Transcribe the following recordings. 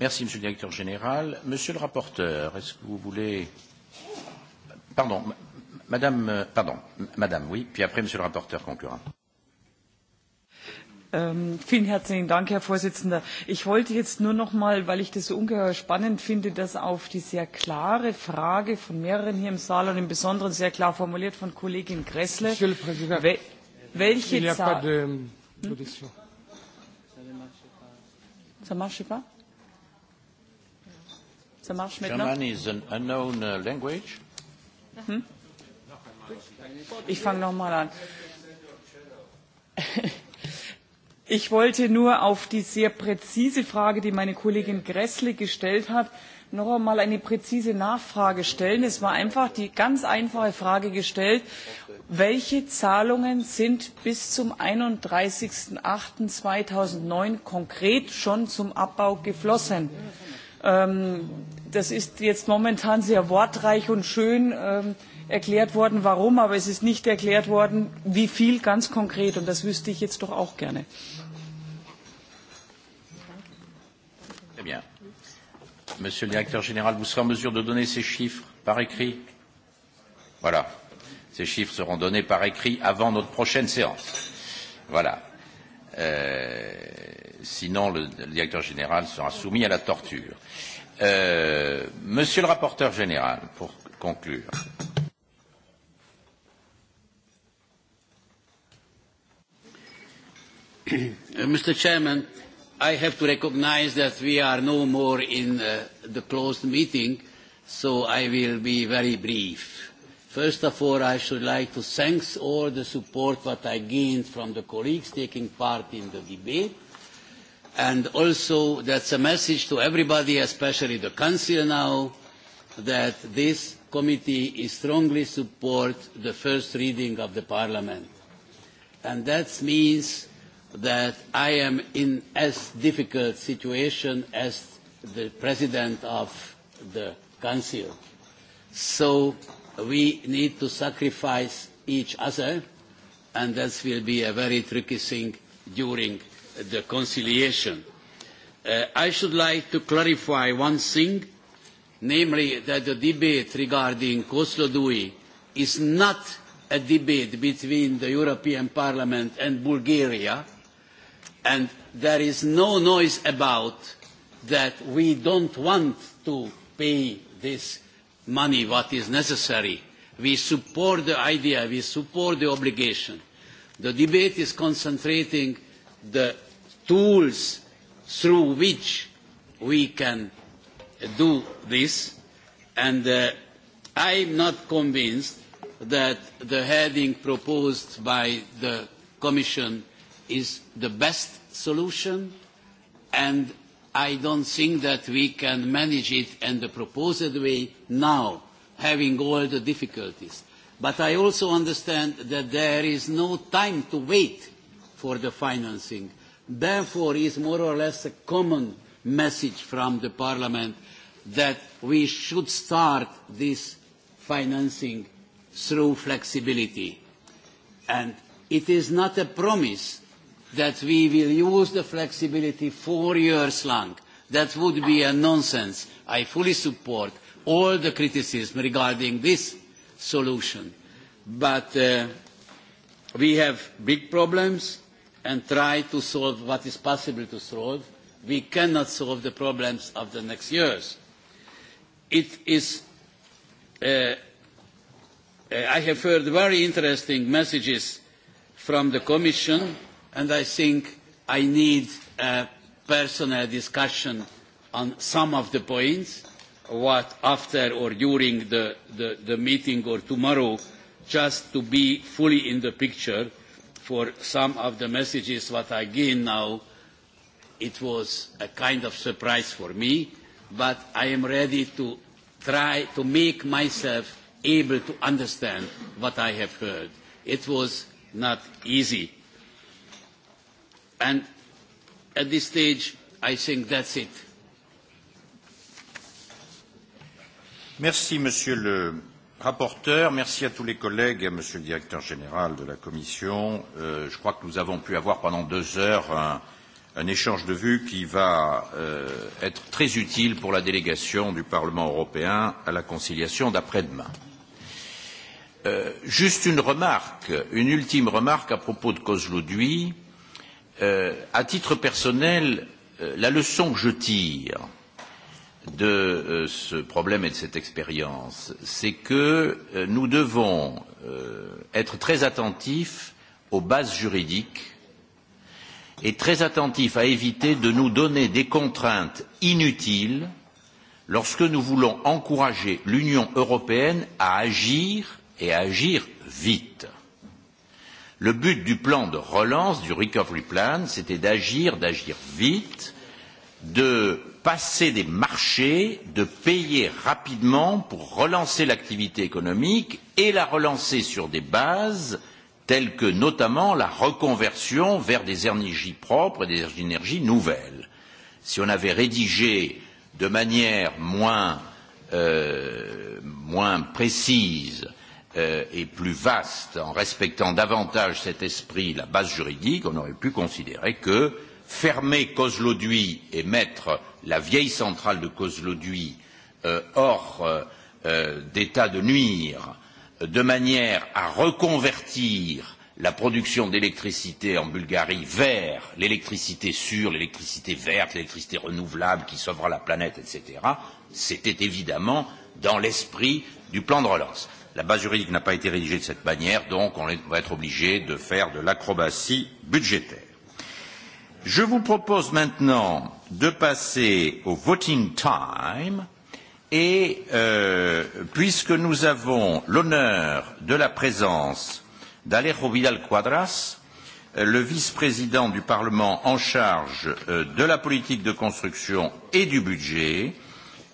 Merci, Monsieur le Directeur Général. Monsieur le rapporteur, est-ce que vous voulez... Pardon, Madame, euh, pardon, Madame, oui, puis après Monsieur le rapporteur concurrent. Ähm, vielen herzlichen Dank, Herr Vorsitzender. Ich wollte jetzt nur noch mal, weil ich das so ungeheuer spannend finde, dass auf die sehr klare Frage von mehreren hier im Saal und im Besonderen sehr klar formuliert von Kollegin Gressle, wel welche Zahl... Hm? Ça marche pas Ça marche maintenant German is an unknown uh, language. Hm? Ich fange nochmal an. Ich wollte nur auf die sehr präzise Frage, die meine Kollegin Gressle gestellt hat, noch einmal eine präzise Nachfrage stellen. Es war einfach die ganz einfache Frage gestellt, welche Zahlungen sind bis zum 31.08.2009 konkret schon zum Abbau geflossen? Ähm, das ist jetzt momentan sehr wortreich und schön ähm, erklärt worden, warum, aber es ist nicht erklärt worden, wie viel ganz konkret. Und das wüsste ich jetzt doch auch gerne. Très bien. Monsieur le Directeur Général, vous serez en mesure de donner ces chiffres par écrit Voilà. Ces chiffres seront donnés par écrit avant notre prochaine séance. Voilà. Euh, sinon, le, le directeur général sera soumis à la torture. Euh, Euh, monsieur le rapporteur général, pour conclure. Uh, Mr. Chairman, I have to recognize that we are no more in uh, the closed meeting, so I will be very brief. First of all, I should like to thank all the support that I gained from the colleagues taking part in the debate And also that's a message to everybody, especially the Council now, that this committee is strongly support the first reading of the Parliament. And that means that I am in as difficult situation as the President of the Council. So we need to sacrifice each other, and that will be a very tricky thing during the conciliation. Uh, I should like to clarify one thing, namely that the debate regarding Koslodui is not a debate between the European Parliament and Bulgaria, and there is no noise about that we don't want to pay this money what is necessary. We support the idea, we support the obligation. The debate is concentrating the tools through which we can do this and uh, I'm not convinced that the heading proposed by the Commission is the best solution and I don't think that we can manage it in the proposed way now, having all the difficulties. But I also understand that there is no time to wait for the financing. Therefore, is more or less a common message from the Parliament that we should start this financing through flexibility. And it is not a promise that we will use the flexibility four years long. That would be a nonsense. I fully support all the criticism regarding this solution. But uh, we have big problems and try to solve what is possible to solve. We cannot solve the problems of the next years. It is, uh, uh, I have heard very interesting messages from the Commission, and I think I need a personal discussion on some of the points, what after or during the, the, the meeting or tomorrow, just to be fully in the picture for some of the messages what I gain now. It was a kind of surprise for me, but I am ready to try to make myself able to understand what I have heard. It was not easy. And at this stage, I think that's it. Merci, Monsieur le rapporteur, merci à tous les collègues et à Monsieur le directeur général de la Commission. Euh, je crois que nous avons pu avoir pendant deux heures un, un échange de vues qui va euh, être très utile pour la délégation du Parlement européen à la conciliation d'après-demain. Euh, juste une remarque, une ultime remarque à propos de Kozloduy. Euh, à titre personnel, euh, la leçon que je tire, euh, de euh, ce problème et de cette expérience, c'est que euh, nous devons euh, être très attentifs aux bases juridiques et très attentifs à éviter de nous donner des contraintes inutiles lorsque nous voulons encourager l'Union européenne à agir et à agir vite. Le but du plan de relance, du recovery plan, c'était d'agir, d'agir vite, de passer des marchés, de payer rapidement pour relancer l'activité économique et la relancer sur des bases telles que notamment la reconversion vers des énergies propres et des énergies nouvelles. Si on avait rédigé de manière moins, euh, moins précise euh, et plus vaste, en respectant davantage cet esprit, la base juridique, on aurait pu considérer que fermer Kozloduy et mettre la vieille centrale de Kozloduy euh, hors euh, euh, d'état de nuire, de manière à reconvertir la production d'électricité en Bulgarie vers l'électricité sûre, l'électricité verte, l'électricité renouvelable qui sauvera la planète, etc., c'était évidemment dans l'esprit du plan de relance. La base juridique n'a pas été rédigée de cette manière, donc on va être obligé de faire de l'acrobatie budgétaire. Je vous propose maintenant de passer au voting time et euh, puisque nous avons l'honneur de la présence d'Alejo Vidal Quadras, euh, le vice-président du Parlement en charge euh, de la politique de construction et du budget,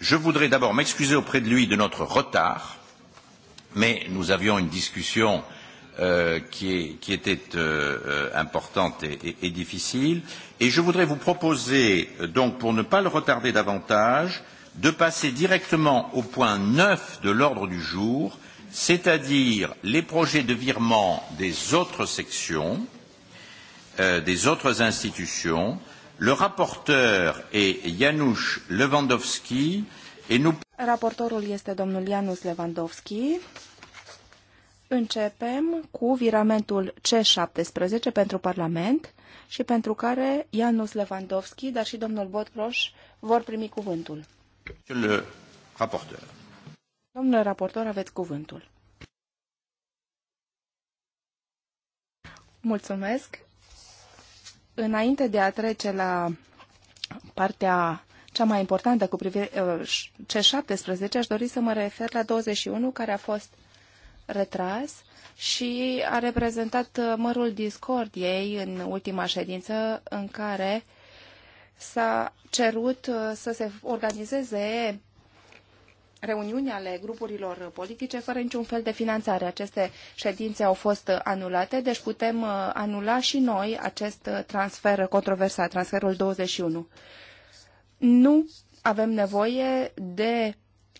je voudrais d'abord m'excuser auprès de lui de notre retard, mais nous avions une discussion euh, euh, qui, est, qui était euh, importante et, et, et difficile. Et je voudrais vous proposer, donc pour ne pas le retarder davantage, de passer directement au point 9 de l'ordre du jour, c'est-à-dire les projets de virement des autres sections, euh, des autres institutions. Le rapporteur est Janusz Lewandowski et nous... Raportorul este domnul Janusz Lewandowski Începem cu viramentul C17 pentru Parlament și pentru care Ianus Lewandowski, dar și domnul Botproș vor primi cuvântul. Domnule raportor. Domnule raportor, aveți cuvântul. Mulțumesc. Înainte de a trece la partea cea mai importantă cu privire uh, C17, aș dori să mă refer la 21, care a fost retras și a reprezentat uh, mărul discordiei în ultima ședință în care s-a cerut uh, să se organizeze reuniuni ale grupurilor politice fără niciun fel de finanțare. Aceste ședințe au fost uh, anulate, deci putem anula și noi acest transfer controversat, transferul 21. Nu avem nevoie de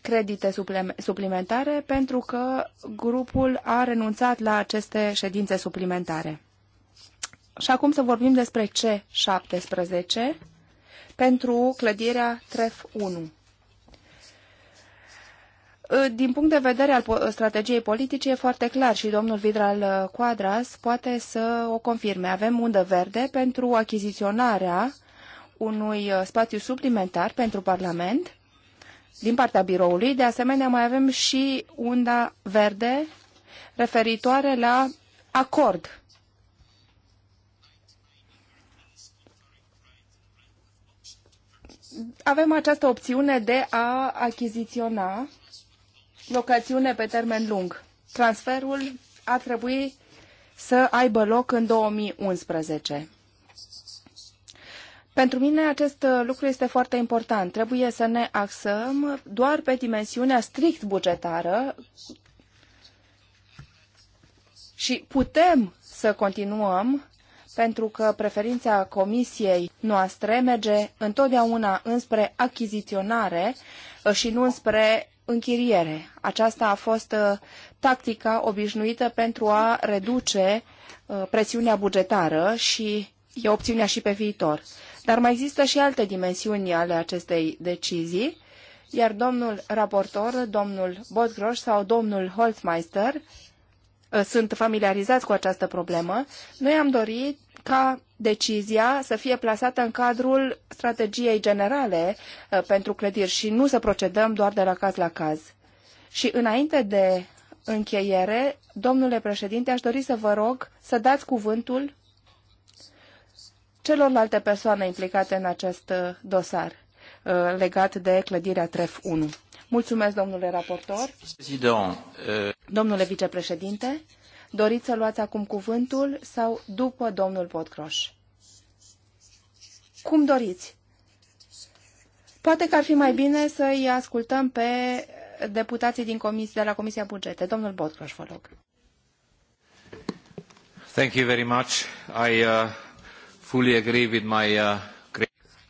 credite suplimentare pentru că grupul a renunțat la aceste ședințe suplimentare. Și acum să vorbim despre C17 pentru clădirea TREF 1. Ă, din punct de vedere al strategiei politice e foarte clar și domnul Vidral ă, Quadras poate să o confirme. Avem undă verde pentru achiziționarea unui ă, spațiu suplimentar pentru Parlament din partea biroului. De asemenea, mai avem și unda verde referitoare la acord. Avem această opțiune de a achiziționa locațiune pe termen lung. Transferul ar trebui să aibă loc în 2011. Pentru mine acest uh, lucru este foarte important. Trebuie să ne axăm doar pe dimensiunea strict bugetară și putem să continuăm pentru că preferința comisiei noastre merge întotdeauna înspre achiziționare uh, și nu înspre închiriere. Aceasta a fost uh, tactica obișnuită pentru a reduce presiunea bugetară și e opțiunea și pe viitor. Dar mai există și alte dimensiuni ale acestei decizii, iar domnul raportor, domnul Botgroș sau domnul Holzmeister ă, sunt familiarizați cu această problemă. Noi am dorit ca decizia să fie plasată în cadrul strategiei generale ă, pentru clădiri și nu să procedăm doar de la caz la caz. Și înainte de încheiere, domnule președinte, aș dori să vă rog să dați cuvântul celorlalte persoane implicate în acest uh, dosar uh, legat de clădirea TREF 1. Mulțumesc, domnule raportor. Uh, domnule vicepreședinte, doriți să luați acum cuvântul sau după domnul Potcroș? Cum doriți? Poate că ar fi mai bine să-i ascultăm pe deputații din comis, de la Comisia Bugete. Domnul Botcroș, vă rog. Thank you very much. I, uh... Uh,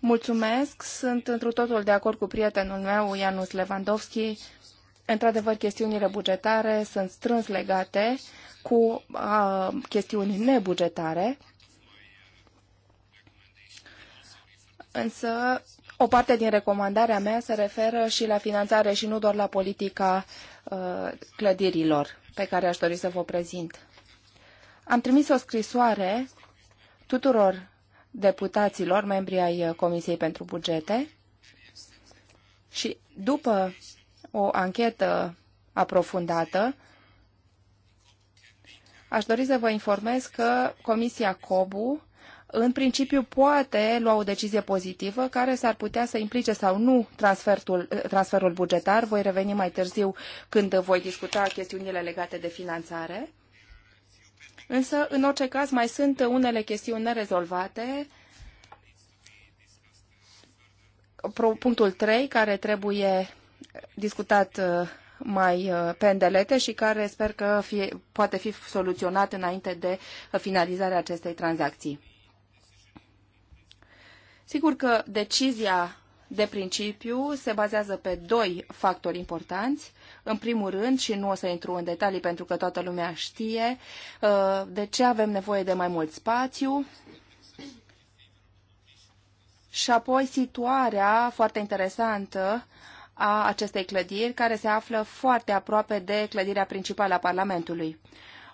Mulțumesc, sunt întru totul de acord cu prietenul meu, Ianus Lewandowski. Într-adevăr, chestiunile bugetare sunt strâns legate cu uh, chestiuni nebugetare, însă o parte din recomandarea mea se referă și la finanțare și nu doar la politica uh, clădirilor pe care aș dori să vă prezint. Am trimis o scrisoare tuturor deputaților, membrii ai Comisiei pentru Bugete și după o anchetă aprofundată, aș dori să vă informez că Comisia COBU în principiu poate lua o decizie pozitivă care s-ar putea să implice sau nu transferul, transferul bugetar. Voi reveni mai târziu când voi discuta chestiunile legate de finanțare. Însă, în orice caz, mai sunt unele chestiuni nerezolvate. Punctul 3, care trebuie discutat uh, mai uh, pendelete și care sper că fie, poate fi soluționat înainte de finalizarea acestei tranzacții. Sigur că decizia de principiu, se bazează pe doi factori importanți. În primul rând, și nu o să intru în detalii pentru că toată lumea știe uh, de ce avem nevoie de mai mult spațiu, și apoi situarea foarte interesantă a acestei clădiri, care se află foarte aproape de clădirea principală a Parlamentului.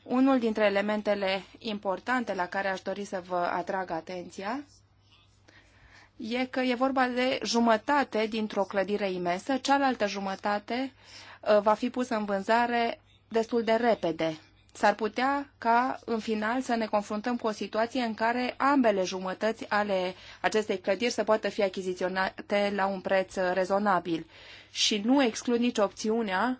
Unul dintre elementele importante la care aș dori să vă atrag atenția e că e vorba de jumătate dintr-o clădire imensă, cealaltă jumătate uh, va fi pusă în vânzare destul de repede. S-ar putea ca, în final, să ne confruntăm cu o situație în care ambele jumătăți ale acestei clădiri să poată fi achiziționate la un preț rezonabil. Și nu exclud nici opțiunea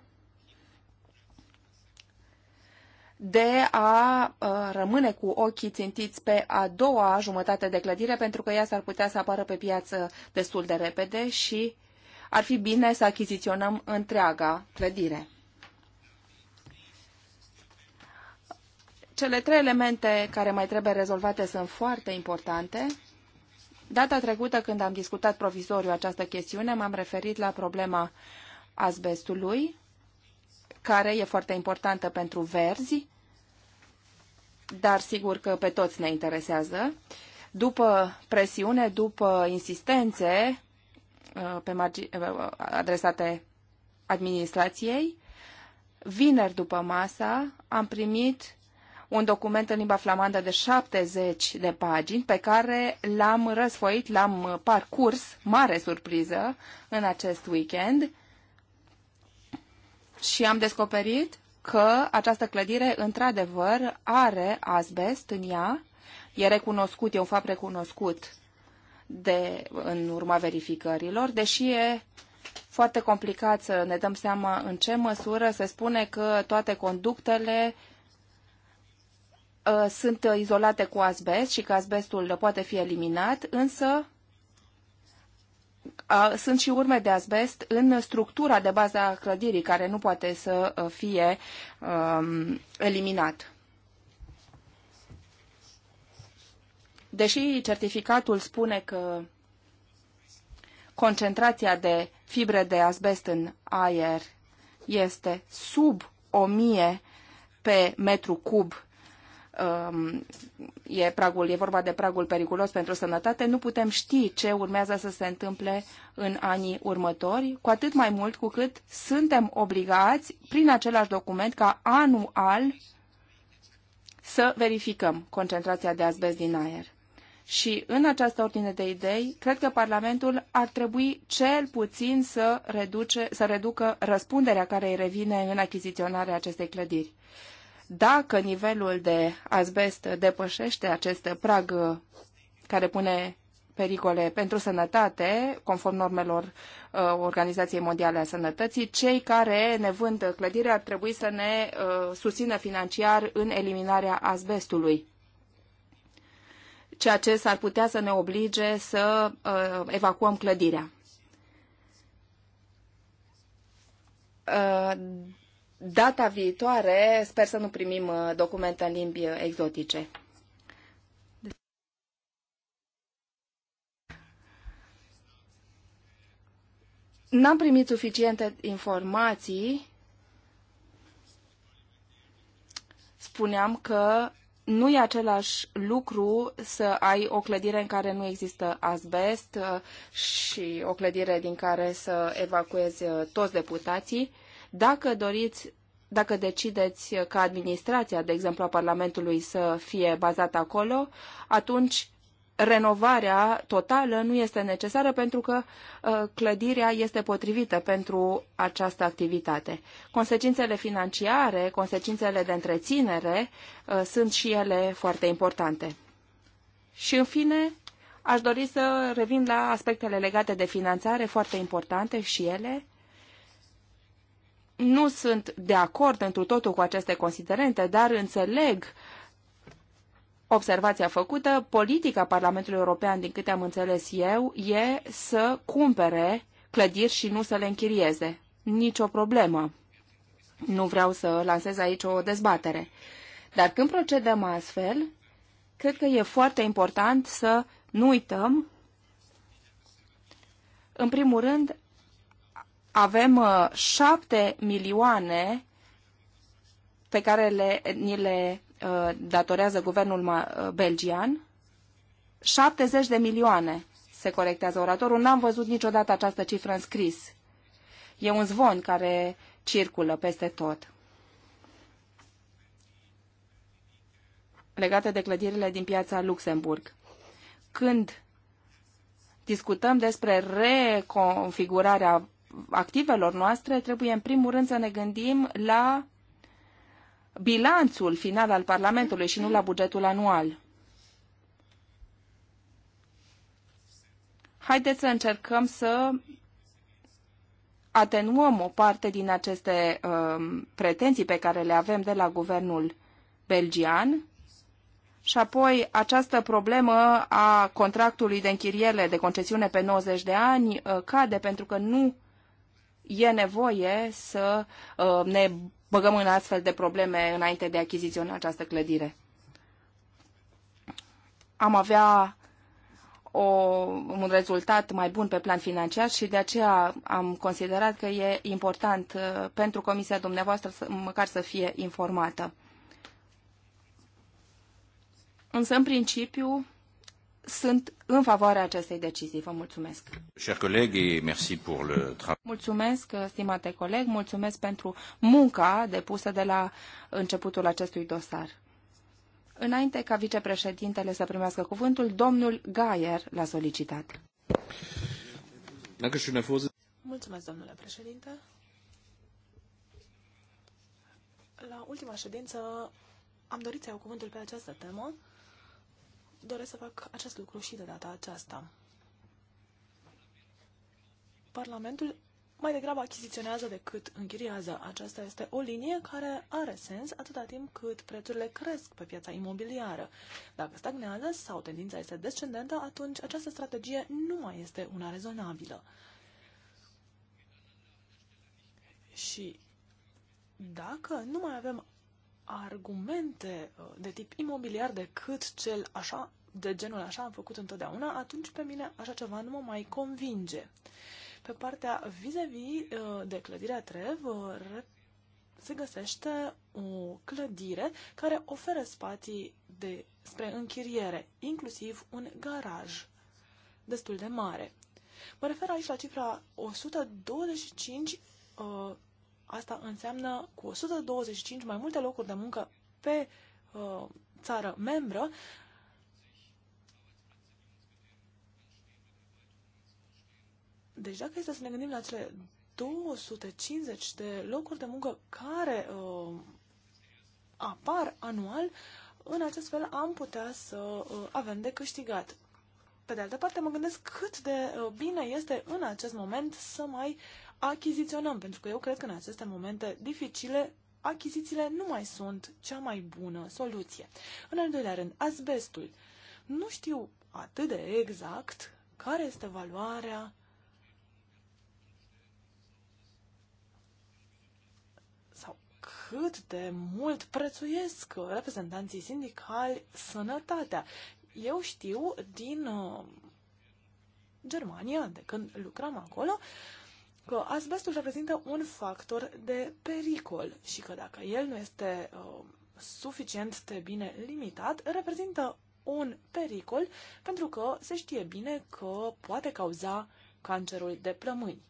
de a uh, rămâne cu ochii țintiți pe a doua jumătate de clădire, pentru că ea s-ar putea să apară pe piață destul de repede și ar fi bine să achiziționăm întreaga clădire. Cele trei elemente care mai trebuie rezolvate sunt foarte importante. Data trecută, când am discutat provizoriu această chestiune, m-am referit la problema asbestului, care e foarte importantă pentru verzi dar sigur că pe toți ne interesează. După presiune, după insistențe uh, pe margi, uh, adresate administrației, vineri după masa am primit un document în limba flamandă de 70 de pagini pe care l-am răsfoit, l-am parcurs, mare surpriză, în acest weekend și am descoperit că această clădire, într-adevăr, are asbest în ea, e recunoscut, e un fapt recunoscut de, în urma verificărilor, deși e foarte complicat să ne dăm seama în ce măsură se spune că toate conductele uh, sunt izolate cu asbest și că asbestul poate fi eliminat, însă sunt și urme de asbest în structura de bază a clădirii, care nu poate să uh, fie um, eliminat. Deși certificatul spune că concentrația de fibre de asbest în aer este sub 1000 pe metru cub Um, e pragul, e vorba de pragul periculos pentru sănătate, nu putem ști ce urmează să se întâmple în anii următori, cu atât mai mult cu cât suntem obligați, prin același document, ca anual să verificăm concentrația de azbest din aer. Și în această ordine de idei, cred că Parlamentul ar trebui cel puțin să, reduce, să reducă răspunderea care îi revine în achiziționarea acestei clădiri dacă nivelul de azbest depășește acest prag care pune pericole pentru sănătate, conform normelor uh, Organizației Mondiale a Sănătății, cei care ne vând clădirea ar trebui să ne uh, susțină financiar în eliminarea azbestului ceea ce s-ar putea să ne oblige să uh, evacuăm clădirea. Uh, data viitoare sper să nu primim uh, documente în limbi uh, exotice. N-am primit suficiente informații. Spuneam că nu e același lucru să ai o clădire în care nu există asbest uh, și o clădire din care să evacuezi toți deputații dacă doriți dacă decideți ca administrația, de exemplu, a Parlamentului să fie bazată acolo, atunci renovarea totală nu este necesară pentru că uh, clădirea este potrivită pentru această activitate. Consecințele financiare, consecințele de întreținere uh, sunt și ele foarte importante. Și în fine, aș dori să revin la aspectele legate de finanțare, foarte importante și ele nu sunt de acord întru totul cu aceste considerente, dar înțeleg observația făcută. Politica Parlamentului European, din câte am înțeles eu, e să cumpere clădiri și nu să le închirieze. Nicio problemă. Nu vreau să lansez aici o dezbatere. Dar când procedăm astfel, cred că e foarte important să nu uităm, în primul rând, avem uh, șapte milioane pe care le, ni le uh, datorează guvernul uh, belgian, 70 de milioane, se corectează oratorul, n-am văzut niciodată această cifră în scris. E un zvon care circulă peste tot. Legate de clădirile din piața Luxemburg. Când discutăm despre reconfigurarea activelor noastre, trebuie în primul rând să ne gândim la bilanțul final al Parlamentului și nu la bugetul anual. Haideți să încercăm să atenuăm o parte din aceste uh, pretenții pe care le avem de la guvernul belgian și apoi această problemă a contractului de închiriere de concesiune pe 90 de ani uh, cade pentru că nu e nevoie să uh, ne băgăm în astfel de probleme înainte de a achiziționa această clădire. Am avea o, un rezultat mai bun pe plan financiar și de aceea am considerat că e important uh, pentru comisia dumneavoastră să, măcar să fie informată. Însă, în principiu, sunt în favoarea acestei decizii. Vă mulțumesc. Mulțumesc, stimate coleg, mulțumesc pentru munca depusă de la începutul acestui dosar. Înainte ca vicepreședintele să primească cuvântul, domnul Gaier l-a solicitat. Mulțumesc, domnule președinte. La ultima ședință am dorit să iau cuvântul pe această temă doresc să fac acest lucru și de data aceasta. Parlamentul mai degrabă achiziționează decât închiriază. Aceasta este o linie care are sens atâta timp cât prețurile cresc pe piața imobiliară. Dacă stagnează sau tendința este descendentă, atunci această strategie nu mai este una rezonabilă. Și dacă nu mai avem argumente uh, de tip imobiliar decât cel așa, de genul așa am făcut întotdeauna, atunci pe mine așa ceva nu mă mai convinge. Pe partea vis-a-vis -vis uh, de clădirea Trev uh, se găsește o clădire care oferă spații de, spre închiriere, inclusiv un garaj destul de mare. Mă refer aici la cifra 125 uh, Asta înseamnă cu 125 mai multe locuri de muncă pe uh, țară membră, Deci dacă este să ne gândim la cele 250 de locuri de muncă care uh, apar anual, în acest fel am putea să uh, avem de câștigat. Pe de altă parte, mă gândesc cât de uh, bine este în acest moment să mai achiziționăm, pentru că eu cred că în aceste momente dificile achizițiile nu mai sunt cea mai bună soluție. În al doilea rând, asbestul. Nu știu atât de exact care este valoarea sau cât de mult prețuiesc reprezentanții sindicali sănătatea. Eu știu din uh, Germania, de când lucram acolo, uh, că asbestul reprezintă un factor de pericol și că dacă el nu este uh, suficient de bine limitat, reprezintă un pericol pentru că se știe bine că poate cauza cancerul de plămâni.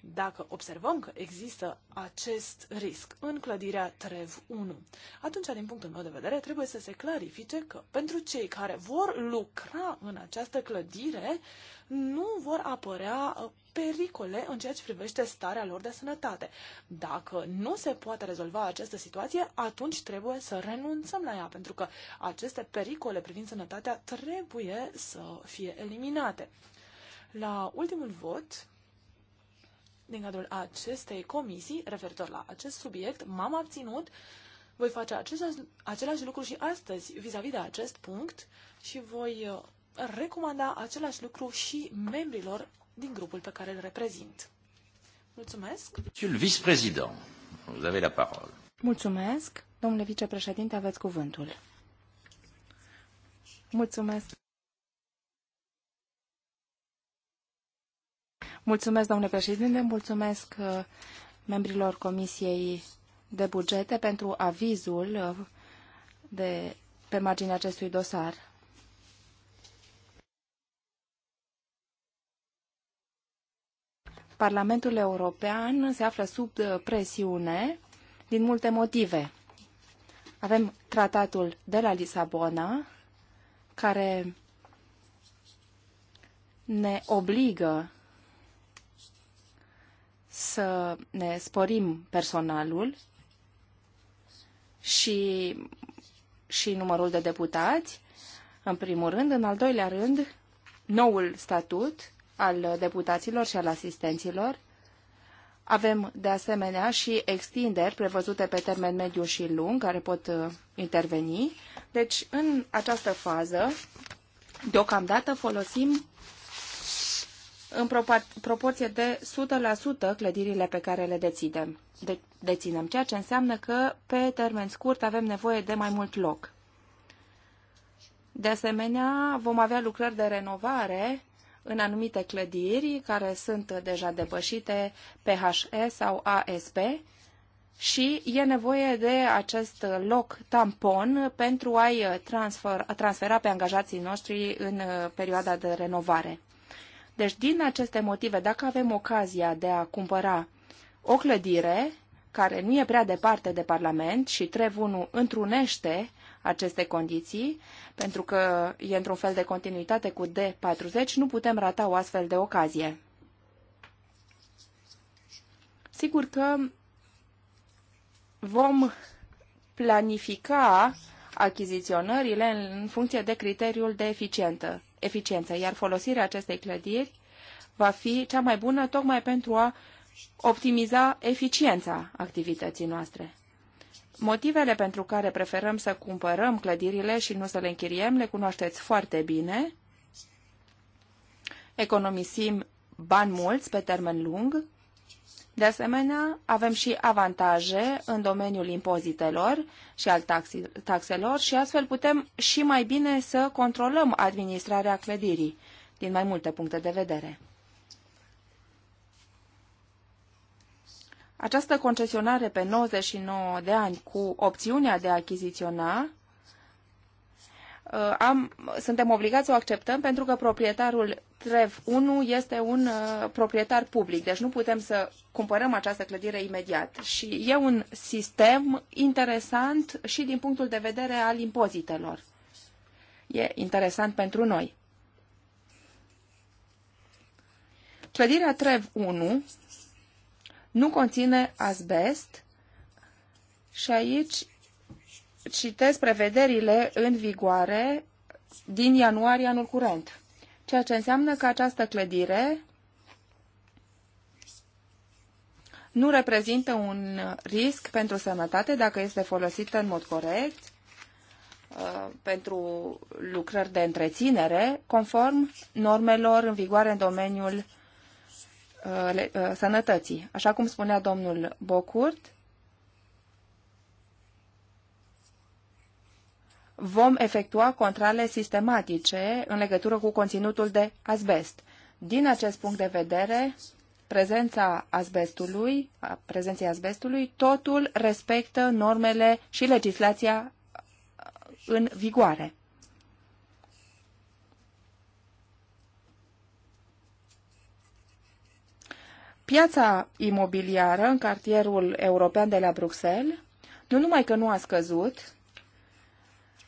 Dacă observăm că există acest risc în clădirea TREV 1, atunci, din punctul meu de vedere, trebuie să se clarifice că pentru cei care vor lucra în această clădire, nu vor apărea uh, pericole în ceea ce privește starea lor de sănătate. Dacă nu se poate rezolva această situație, atunci trebuie să renunțăm la ea, pentru că aceste pericole privind sănătatea trebuie să fie eliminate. La ultimul vot, din cadrul acestei comisii referitor la acest subiect. M-am abținut. Voi face același, același lucru și astăzi vis-a-vis -vis de acest punct și voi uh, recomanda același lucru și membrilor din grupul pe care îl reprezint. Mulțumesc. Monsieur vice la parole. Mulțumesc. Domnule vicepreședinte, aveți cuvântul. Mulțumesc. Mulțumesc, domnule președinte, mulțumesc uh, membrilor Comisiei de Bugete pentru avizul uh, de, pe marginea acestui dosar. Parlamentul European se află sub uh, presiune din multe motive. Avem tratatul de la Lisabona, care ne obligă să ne sporim personalul și, și numărul de deputați, în primul rând. În al doilea rând, noul statut al deputaților și al asistenților. Avem, de asemenea, și extinderi prevăzute pe termen mediu și lung, care pot uh, interveni. Deci, în această fază, deocamdată folosim în proporție de 100% clădirile pe care le deținem, de, deținem, ceea ce înseamnă că pe termen scurt avem nevoie de mai mult loc. De asemenea, vom avea lucrări de renovare în anumite clădiri care sunt deja depășite PHS sau ASP și e nevoie de acest loc tampon pentru a-i transfer, transfera pe angajații noștri în uh, perioada de renovare. Deci, din aceste motive, dacă avem ocazia de a cumpăra o clădire care nu e prea departe de Parlament și trev întrunește aceste condiții, pentru că e într-un fel de continuitate cu D40, nu putem rata o astfel de ocazie. Sigur că vom planifica achiziționările în funcție de criteriul de eficientă eficiență, iar folosirea acestei clădiri va fi cea mai bună tocmai pentru a optimiza eficiența activității noastre. Motivele pentru care preferăm să cumpărăm clădirile și nu să le închiriem le cunoașteți foarte bine. Economisim bani mulți pe termen lung de asemenea, avem și avantaje în domeniul impozitelor și al taxelor și astfel putem și mai bine să controlăm administrarea clădirii din mai multe puncte de vedere. Această concesionare pe 99 de ani cu opțiunea de a achiziționa Uh, am, suntem obligați să o acceptăm pentru că proprietarul TREV 1 este un uh, proprietar public, deci nu putem să cumpărăm această clădire imediat. Și e un sistem interesant și din punctul de vedere al impozitelor. E interesant pentru noi. Clădirea TREV 1 nu conține asbest și aici citez prevederile în vigoare din ianuarie anul curent, ceea ce înseamnă că această clădire nu reprezintă un risc pentru sănătate dacă este folosită în mod corect uh, pentru lucrări de întreținere, conform normelor în vigoare în domeniul uh, uh, sănătății. Așa cum spunea domnul Bocurt, vom efectua controle sistematice în legătură cu conținutul de asbest. Din acest punct de vedere, prezența asbestului, prezenței asbestului, totul respectă normele și legislația uh, în vigoare. Piața imobiliară în cartierul european de la Bruxelles nu numai că nu a scăzut,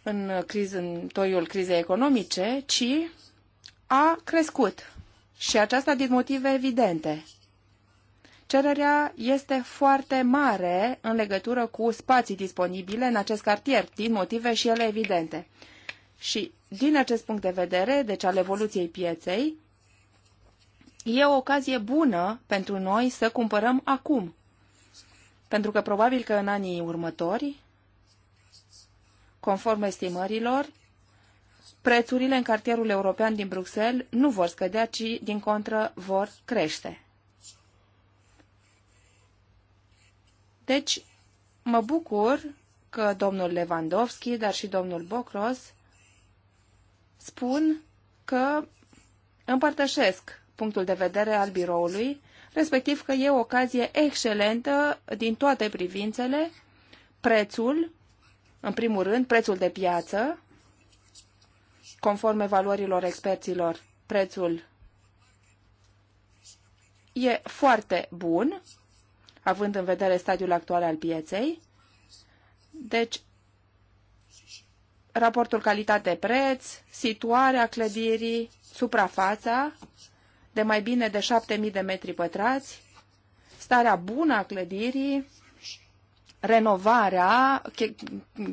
în, criz, în toiul crizei economice, ci a crescut. Și aceasta din motive evidente. Cererea este foarte mare în legătură cu spații disponibile în acest cartier, din motive și ele evidente. Și din acest punct de vedere, deci al evoluției pieței, e o ocazie bună pentru noi să cumpărăm acum. Pentru că probabil că în anii următori Conform estimărilor, prețurile în cartierul european din Bruxelles nu vor scădea, ci, din contră, vor crește. Deci, mă bucur că domnul Lewandowski, dar și domnul Bocros spun că împărtășesc punctul de vedere al biroului, respectiv că e o ocazie excelentă din toate privințele, prețul în primul rând, prețul de piață, conform evaluărilor experților, prețul e foarte bun, având în vedere stadiul actual al pieței. Deci, raportul calitate-preț, situarea clădirii, suprafața de mai bine de 7.000 de metri pătrați, starea bună a clădirii, renovarea,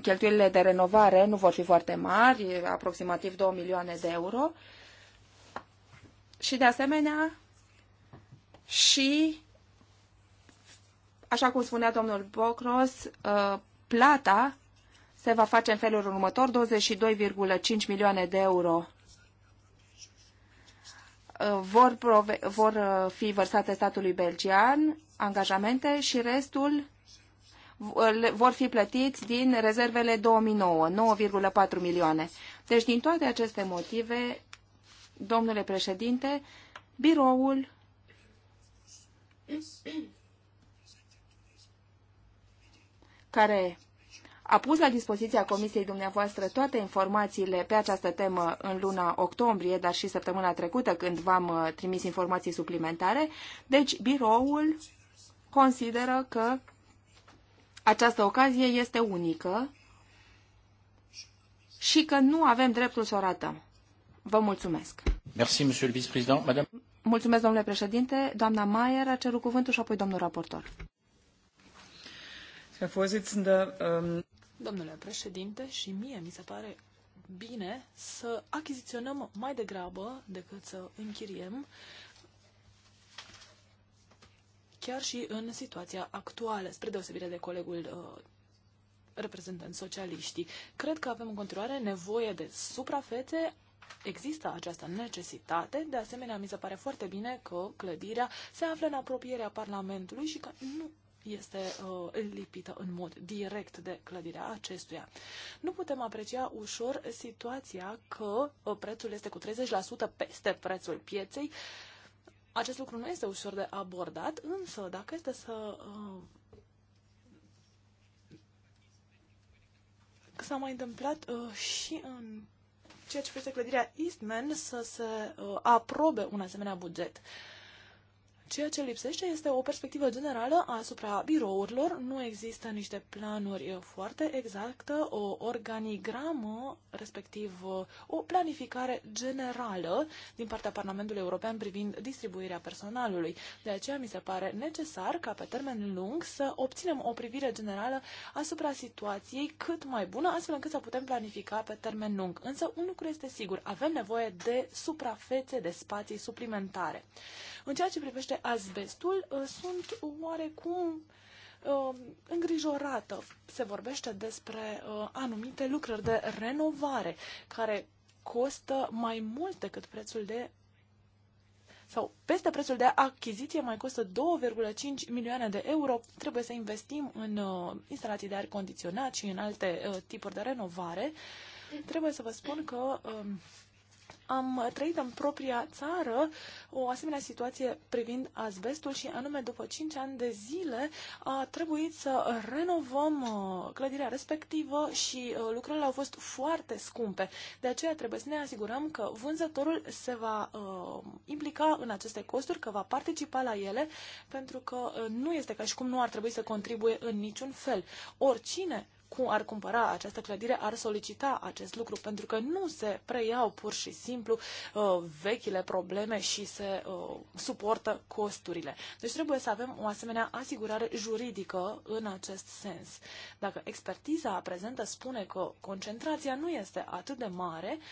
cheltuielile de renovare nu vor fi foarte mari, aproximativ 2 milioane de euro. Și de asemenea, și, așa cum spunea domnul Bocros, uh, plata se va face în felul următor, 22,5 milioane de euro uh, vor, prove, vor uh, fi vărsate statului belgian angajamente și restul vor fi plătiți din rezervele 2009, 9,4 milioane. Deci, din toate aceste motive, domnule președinte, biroul care a pus la dispoziția Comisiei dumneavoastră toate informațiile pe această temă în luna octombrie, dar și săptămâna trecută când v-am uh, trimis informații suplimentare. Deci, biroul consideră că această ocazie este unică și că nu avem dreptul să o ratăm. Vă mulțumesc. Merci, monsieur le vice-président. Madame... Mulțumesc, domnule președinte. Doamna Maier a cerut cuvântul și apoi domnul raportor. Ähm, domnule președinte, și mie mi se pare bine să achiziționăm mai degrabă decât să închiriem chiar și în situația actuală, spre deosebire de colegul uh, reprezentant socialiștii. Cred că avem în continuare nevoie de suprafețe, Există această necesitate, de asemenea mi se pare foarte bine că clădirea se află în apropierea Parlamentului și că nu este uh, lipită în mod direct de clădirea acestuia. Nu putem aprecia ușor situația că uh, prețul este cu 30% peste prețul pieței, uh, acest lucru nu este ușor de abordat, însă dacă este să uh, s-a mai întâmplat uh, și în ceea ce privește clădirea Eastman să se uh, aprobe un asemenea buget. Uh, Ceea ce lipsește este o perspectivă generală asupra birourilor, nu există niște planuri foarte exactă, o organigramă, respectiv o planificare generală din partea Parlamentului European privind distribuirea personalului. De aceea mi se pare necesar ca pe termen lung să obținem o privire generală asupra situației cât mai bună, astfel încât să putem planifica pe termen lung. Însă un lucru este sigur, avem nevoie de suprafețe, de spații suplimentare. În ceea ce privește azbestul, uh, sunt oarecum uh, îngrijorată. Se vorbește despre uh, anumite lucrări de renovare care costă mai mult decât prețul de sau peste prețul de achiziție mai costă 2,5 milioane de euro. Trebuie să investim în uh, instalații de aer condiționat și în alte uh, tipuri de renovare. Trebuie să vă spun că uh, am trăit în propria țară o asemenea situație privind azbestul și anume după 5 ani de zile a trebuit să renovăm uh, clădirea respectivă și uh, lucrările au fost foarte scumpe. De aceea trebuie să ne asigurăm că vânzătorul se va uh, implica în aceste costuri, că va participa la ele, pentru că uh, nu este ca și cum nu ar trebui să contribuie în niciun fel. Oricine cum ar cumpăra această clădire ar solicita acest lucru, pentru că nu se preiau pur și simplu uh, vechile probleme și se uh, suportă costurile. Deci trebuie să avem o asemenea asigurare juridică în acest sens. Dacă expertiza prezentă spune că concentrația nu este atât de mare, uh,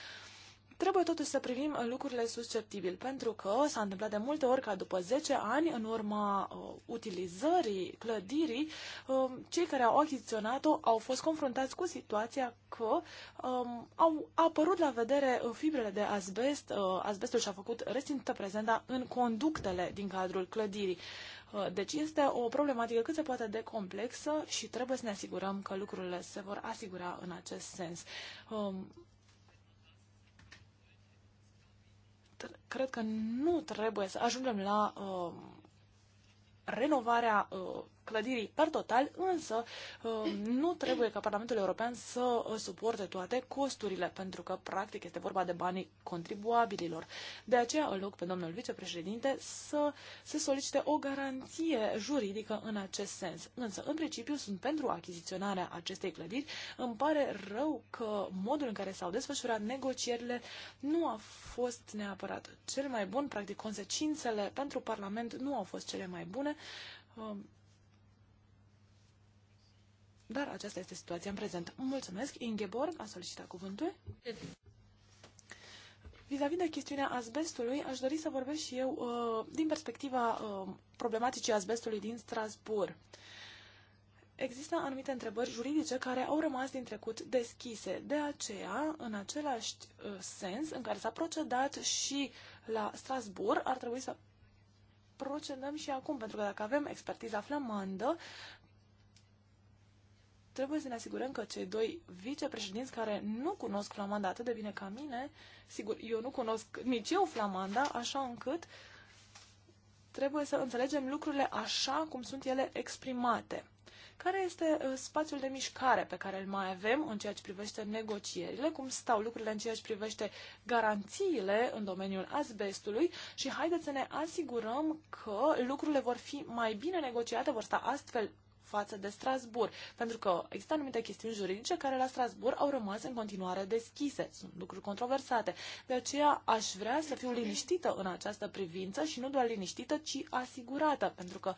Trebuie totuși să privim uh, lucrurile susceptibil, pentru că s-a întâmplat de multe ori ca după 10 ani, în urma uh, utilizării clădirii, uh, cei care au achiziționat-o au fost confruntați cu situația că um, au apărut la vedere uh, fibrele de azbest, uh, azbestul și-a făcut resimtă prezenta în conductele din cadrul clădirii. Uh, deci este o problematică cât se poate de complexă și trebuie să ne asigurăm că lucrurile se vor asigura în acest sens. Um, cred că nu trebuie să ajungem la uh, renovarea uh, clădirii per total, însă uh, nu trebuie ca Parlamentul European să uh, suporte toate costurile, pentru că practic este vorba de banii contribuabililor. De aceea îl loc pe domnul vicepreședinte să se solicite o garanție juridică în acest sens. Însă, în principiu, sunt pentru achiziționarea acestei clădiri. Îmi pare rău că modul în care s-au desfășurat negocierile nu a fost neapărat cel mai bun. Practic, consecințele pentru Parlament nu au fost cele mai bune. Um, dar aceasta este situația în prezent. Mulțumesc. Ingeborg a solicitat cuvântul. Vis-a-vis de chestiunea azbestului, aș dori să vorbesc și eu uh, din perspectiva uh, problematicii azbestului din Strasbourg. Există anumite întrebări juridice care au rămas din trecut deschise. De aceea, în același uh, sens în care s-a procedat și la Strasbourg, ar trebui să procedăm și acum, pentru că dacă avem expertiza flamandă, trebuie să ne asigurăm că cei doi vicepreședinți care nu cunosc Flamanda atât de bine ca mine, sigur, eu nu cunosc nici eu Flamanda, așa încât trebuie să înțelegem lucrurile așa cum sunt ele exprimate. Care este uh, spațiul de mișcare pe care îl mai avem în ceea ce privește negocierile, cum stau lucrurile în ceea ce privește garanțiile în domeniul asbestului și haideți să ne asigurăm că lucrurile vor fi mai bine negociate, vor sta astfel față de Strasbourg, pentru că există anumite chestiuni juridice care la Strasbourg au rămas în continuare deschise. Sunt lucruri controversate. De aceea aș vrea să fiu liniștită în această privință și nu doar liniștită, ci asigurată, pentru că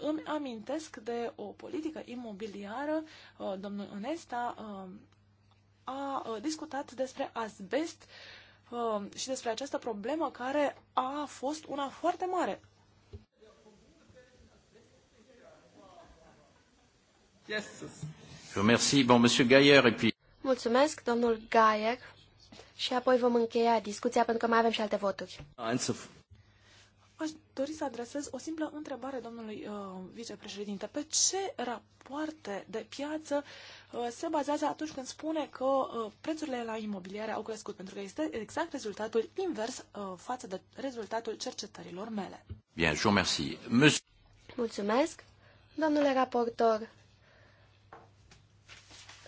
îmi amintesc de o politică imobiliară, uh, domnul Onesta uh, a uh, discutat despre asbest și despre această problemă care a fost una foarte mare Mulțumesc, domnul Gaier. Și apoi vom încheia discuția pentru că mai avem și alte voturi. Ah, Aș dori să adresez o simplă întrebare domnului uh, vicepreședinte. Pe ce rapoarte de piață uh, se bazează atunci când spune că uh, prețurile la imobiliare au crescut? Pentru că este exact rezultatul invers uh, față de rezultatul cercetărilor mele. Bien, je vous remercie. Mulțumesc. Domnule raportor,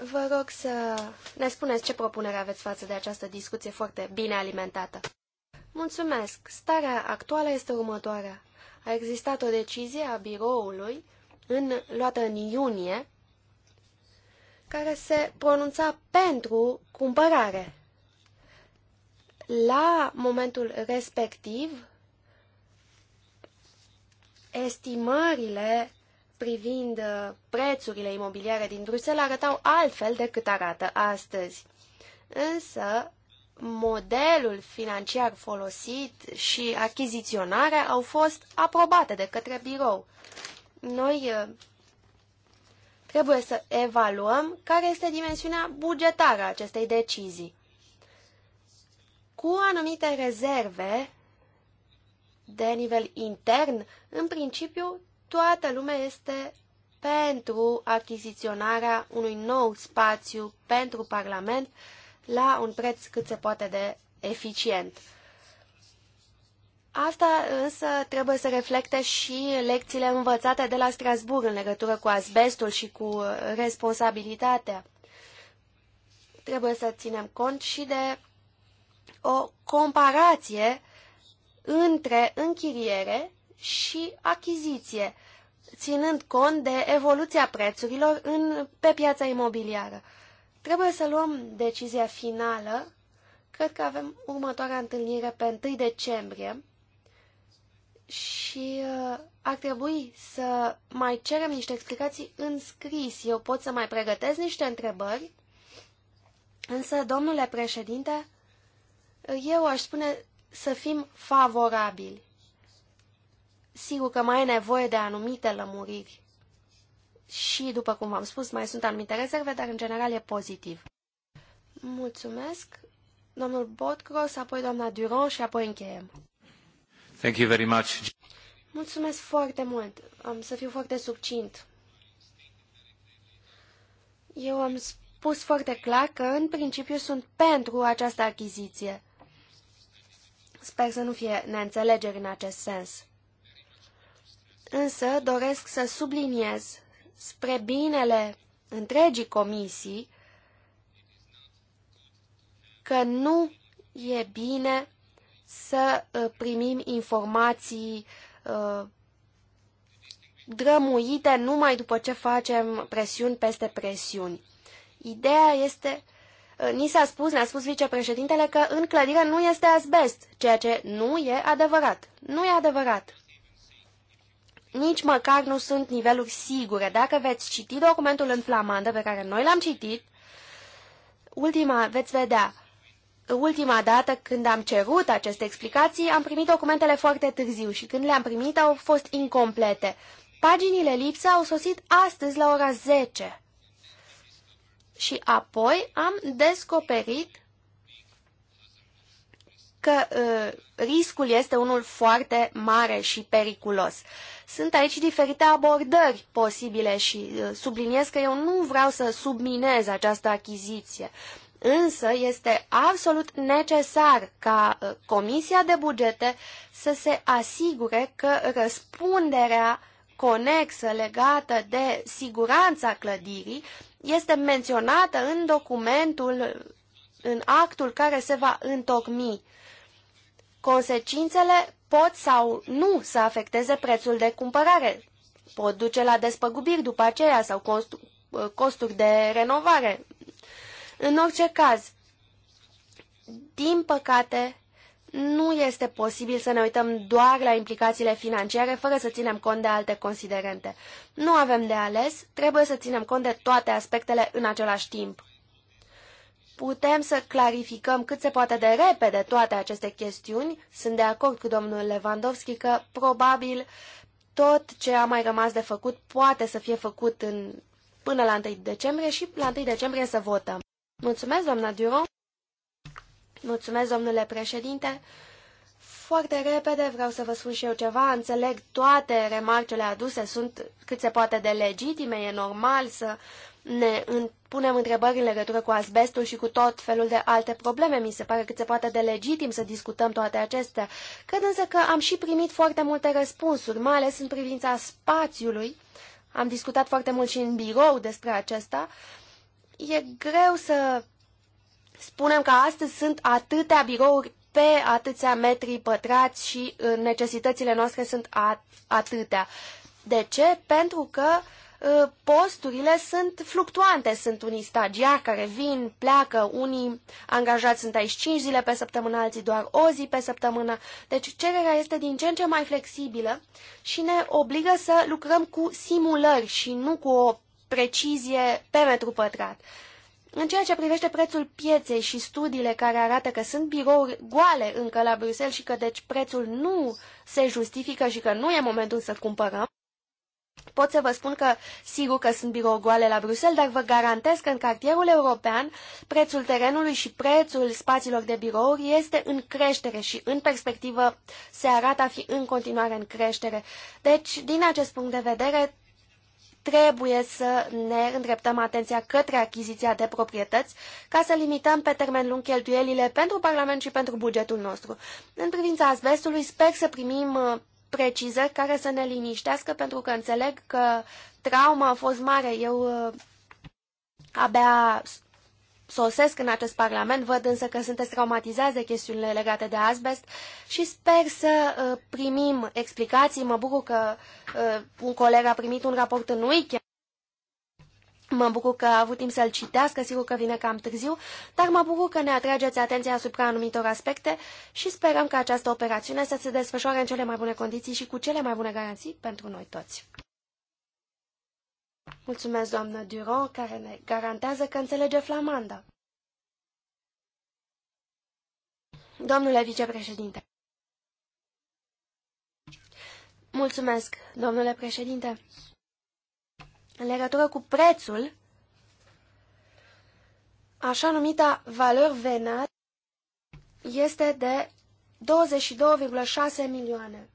Vă rog să ne spuneți ce propunere aveți față de această discuție foarte bine alimentată. Mulțumesc. Starea actuală este următoarea. A existat o decizie a biroului în, luată în iunie care se pronunța pentru cumpărare. La momentul respectiv, estimările privind uh, prețurile imobiliare din Bruxelles arătau altfel decât arată astăzi. Însă, modelul financiar folosit și achiziționarea au fost aprobate de către birou. Noi uh, trebuie să evaluăm care este dimensiunea bugetară a acestei decizii. Cu anumite rezerve de nivel intern, în principiu, toată lumea este pentru achiziționarea unui nou spațiu pentru Parlament la un preț cât se poate de eficient. Asta însă trebuie să reflecte și lecțiile învățate de la Strasburg în legătură cu asbestul și cu responsabilitatea. Trebuie să ținem cont și de o comparație între închiriere și achiziție, ținând cont de evoluția prețurilor în, pe piața imobiliară. Trebuie să luăm decizia finală. Cred că avem următoarea întâlnire pe 1 decembrie și uh, ar trebui să mai cerem niște explicații în scris. Eu pot să mai pregătesc niște întrebări, însă, domnule președinte, eu aș spune să fim favorabili. Sigur că mai e nevoie de anumite lămuriri și, după cum v-am spus, mai sunt anumite rezerve, dar în general e pozitiv. Mulțumesc, domnul Botcross, apoi doamna Duron și apoi încheiem. Thank you very much. Mulțumesc foarte mult. Am să fiu foarte succint. Eu am spus foarte clar că, în principiu, sunt pentru această achiziție. Sper să nu fie neînțelegeri în acest sens. Însă doresc să subliniez spre binele întregii comisii că nu e bine să ă, primim informații ă, drămuite numai după ce facem presiuni peste presiuni. Ideea este, ă, ni s-a spus, ne-a spus vicepreședintele, că în clădire nu este asbest, ceea ce nu e adevărat. Nu e adevărat nici măcar nu sunt niveluri sigure. Dacă veți citi documentul în flamandă pe care noi l-am citit, ultima, veți vedea, ultima dată când am cerut aceste explicații, am primit documentele foarte târziu și când le-am primit au fost incomplete. Paginile lipsă au sosit astăzi la ora 10. Și apoi am descoperit că uh, riscul este unul foarte mare și periculos. Sunt aici diferite abordări posibile și uh, subliniez că eu nu vreau să subminez această achiziție. Însă este absolut necesar ca uh, Comisia de Bugete să se asigure că răspunderea conexă legată de siguranța clădirii este menționată în documentul în actul care se va întocmi. Consecințele pot sau nu să afecteze prețul de cumpărare. Pot duce la despăgubiri după aceea sau costuri de renovare. În orice caz, din păcate, nu este posibil să ne uităm doar la implicațiile financiare fără să ținem cont de alte considerente. Nu avem de ales, trebuie să ținem cont de toate aspectele în același timp putem să clarificăm cât se poate de repede toate aceste chestiuni. Sunt de acord cu domnul Lewandowski că probabil tot ce a mai rămas de făcut poate să fie făcut în, până la 1 decembrie și la 1 decembrie să votăm. Mulțumesc, doamna Duron. Mulțumesc, domnule președinte. Foarte repede vreau să vă spun și eu ceva. Înțeleg toate remarcele aduse, sunt cât se poate de legitime, e normal să ne punem întrebări în legătură cu asbestul și cu tot felul de alte probleme. Mi se pare că se poate de legitim să discutăm toate acestea. Cred însă că am și primit foarte multe răspunsuri, mai ales în privința spațiului. Am discutat foarte mult și în birou despre acesta. E greu să spunem că astăzi sunt atâtea birouri pe atâția metri pătrați și uh, necesitățile noastre sunt atâtea. De ce? Pentru că uh, Ă, posturile sunt fluctuante. Sunt unii stagiari care vin, pleacă, unii angajați sunt aici 5 zile pe săptămână, alții doar o zi pe săptămână. Deci cererea este din ce în ce mai flexibilă și ne obligă să lucrăm cu simulări și nu cu o precizie pe metru pătrat. În ceea ce privește prețul pieței și studiile care arată că sunt birouri goale încă la Bruxelles și că deci prețul nu se justifică și că nu e momentul să cumpărăm, Pot să vă spun că sigur că sunt birou goale la Bruxelles, dar vă garantez că în cartierul european prețul terenului și prețul spațiilor de birouri este în creștere și în perspectivă se arată a fi în continuare în creștere. Deci, din acest punct de vedere, trebuie să ne îndreptăm atenția către achiziția de proprietăți ca să limităm pe termen lung cheltuielile pentru Parlament și pentru bugetul nostru. În privința asbestului, sper să primim uh, precizări care să ne liniștească, pentru că înțeleg că trauma a fost mare. Eu uh, abia sosesc în acest parlament, văd însă că sunteți traumatizați de chestiunile legate de asbest și sper să uh, primim explicații. Mă bucur că uh, un coleg a primit un raport în weekend. Mă bucur că a avut timp să-l citească, sigur că vine cam târziu, dar mă bucur că ne atrageți atenția asupra anumitor aspecte și sperăm că această operațiune să se desfășoare în cele mai bune condiții și cu cele mai bune garanții pentru noi toți. Mulțumesc, doamnă Duron, care ne garantează că înțelege flamanda. Domnule vicepreședinte. Mulțumesc, domnule președinte. În legătură cu prețul, așa numita valor venat este de 22,6 milioane.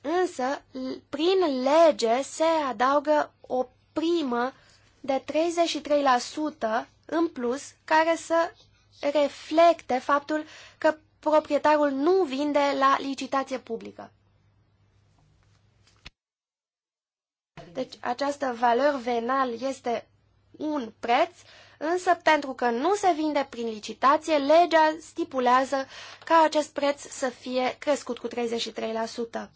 Însă, prin lege se adaugă o primă de 33% în plus care să reflecte faptul că proprietarul nu vinde la licitație publică. Deci această valoare venal este un preț, însă pentru că nu se vinde prin licitație, legea stipulează ca acest preț să fie crescut cu 33%.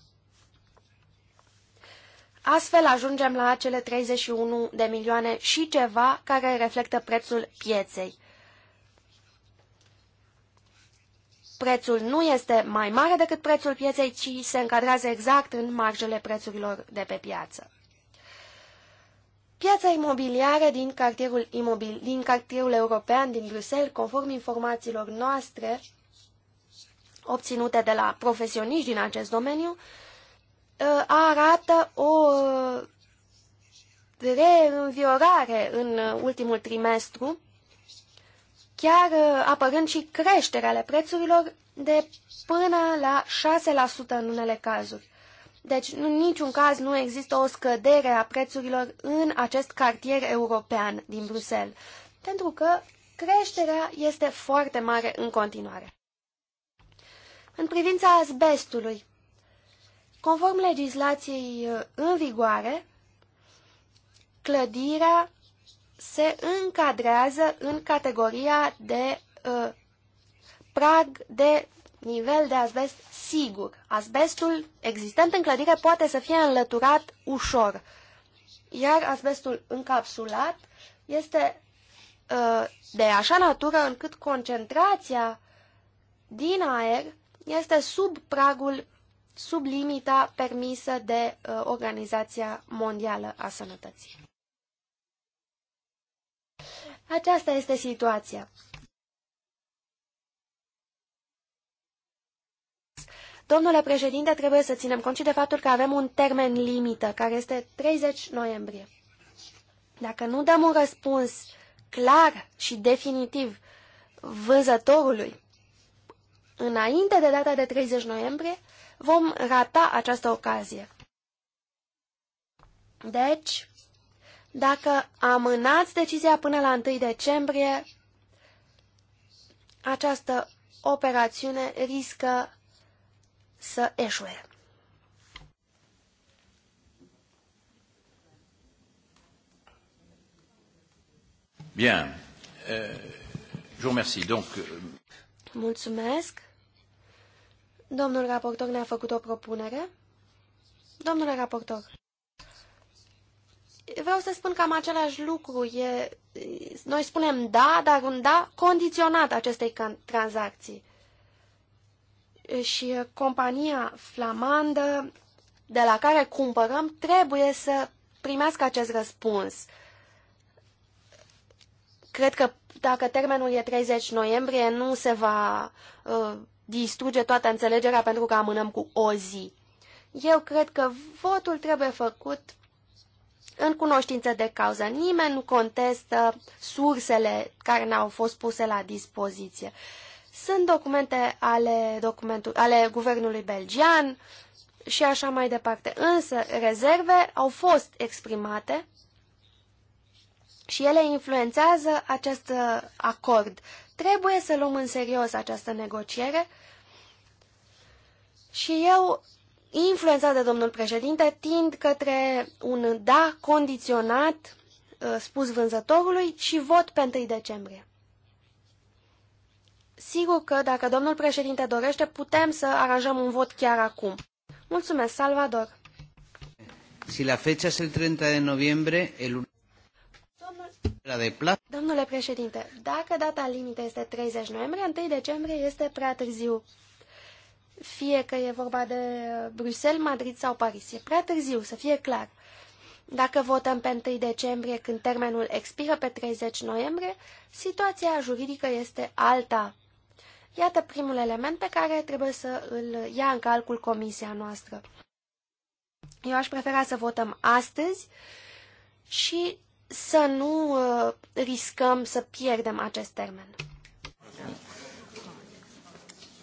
Astfel ajungem la cele 31 de milioane și ceva care reflectă prețul pieței. Prețul nu este mai mare decât prețul pieței, ci se încadrează exact în marjele prețurilor de pe piață. Piața imobiliară din cartierul, imobil, din cartierul european din Bruxelles, conform informațiilor noastre obținute de la profesioniști din acest domeniu, ă, arată o ă, reînviorare în ultimul trimestru, chiar ă, apărând și creșterea ale prețurilor de până la 6% în unele cazuri. Deci, în niciun caz nu există o scădere a prețurilor în acest cartier european din Bruxelles, pentru că creșterea este foarte mare în continuare. În privința asbestului, conform legislației uh, în vigoare, clădirea se încadrează în categoria de uh, prag de nivel de asbest sigur. Asbestul existent în clădire poate să fie înlăturat ușor, iar asbestul încapsulat este uh, de așa natură încât concentrația din aer este sub pragul, sub limita permisă de uh, Organizația Mondială a Sănătății. Aceasta este situația. Domnule președinte, trebuie să ținem cont și de faptul că avem un termen limită, care este 30 noiembrie. Dacă nu dăm un răspuns clar și definitiv vânzătorului înainte de data de 30 noiembrie, vom rata această ocazie. Deci, dacă amânați decizia până la 1 decembrie, această operațiune riscă să eșue. Bien. Euh, je vous remercie. Donc... Euh, Mulțumesc. Domnul raportor ne-a făcut o propunere. Domnule raportor, vreau să spun cam același lucru. E, noi spunem da, dar un da condiționat acestei tranzacții și compania flamandă de la care cumpărăm trebuie să primească acest răspuns. Cred că dacă termenul e 30 noiembrie, nu se va uh, distruge toată înțelegerea pentru că amânăm cu o zi. Eu cred că votul trebuie făcut în cunoștință de cauză. Nimeni nu contestă sursele care ne-au fost puse la dispoziție. Uh, sunt documente ale, documentul, ale guvernului belgian și așa mai departe. Însă, rezerve au fost exprimate și ele influențează acest uh, acord. Trebuie să luăm în serios această negociere și eu, influențat de domnul președinte, tind către un da condiționat uh, spus vânzătorului și vot pe 1 decembrie. Sigur că, dacă domnul președinte dorește, putem să aranjăm un vot chiar acum. Mulțumesc, Salvador. Si la fecha es el 30 de noviembre, el... Domnul... Domnule președinte, dacă data limită este 30 noiembrie, 1 decembrie este prea târziu. Fie că e vorba de Bruxelles, Madrid sau Paris. E prea târziu, să fie clar. Dacă votăm pe 1 decembrie când termenul expiră pe 30 noiembrie, situația juridică este alta. Iată primul element pe care trebuie să îl ia în calcul comisia noastră. Eu aș prefera să votăm astăzi și să nu uh, riscăm să pierdem acest termen.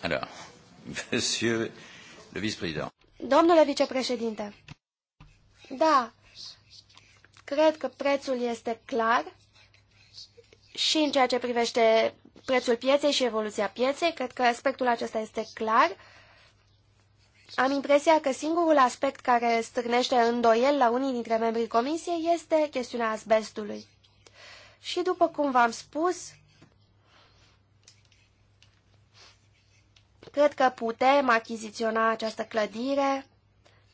Alors, le vice Domnule vicepreședinte, da, cred că prețul este clar și în ceea ce privește prețul pieței și evoluția pieței. Cred că aspectul acesta este clar. Am impresia că singurul aspect care stârnește îndoiel la unii dintre membrii comisiei este chestiunea asbestului. Și după cum v-am spus, cred că putem achiziționa această clădire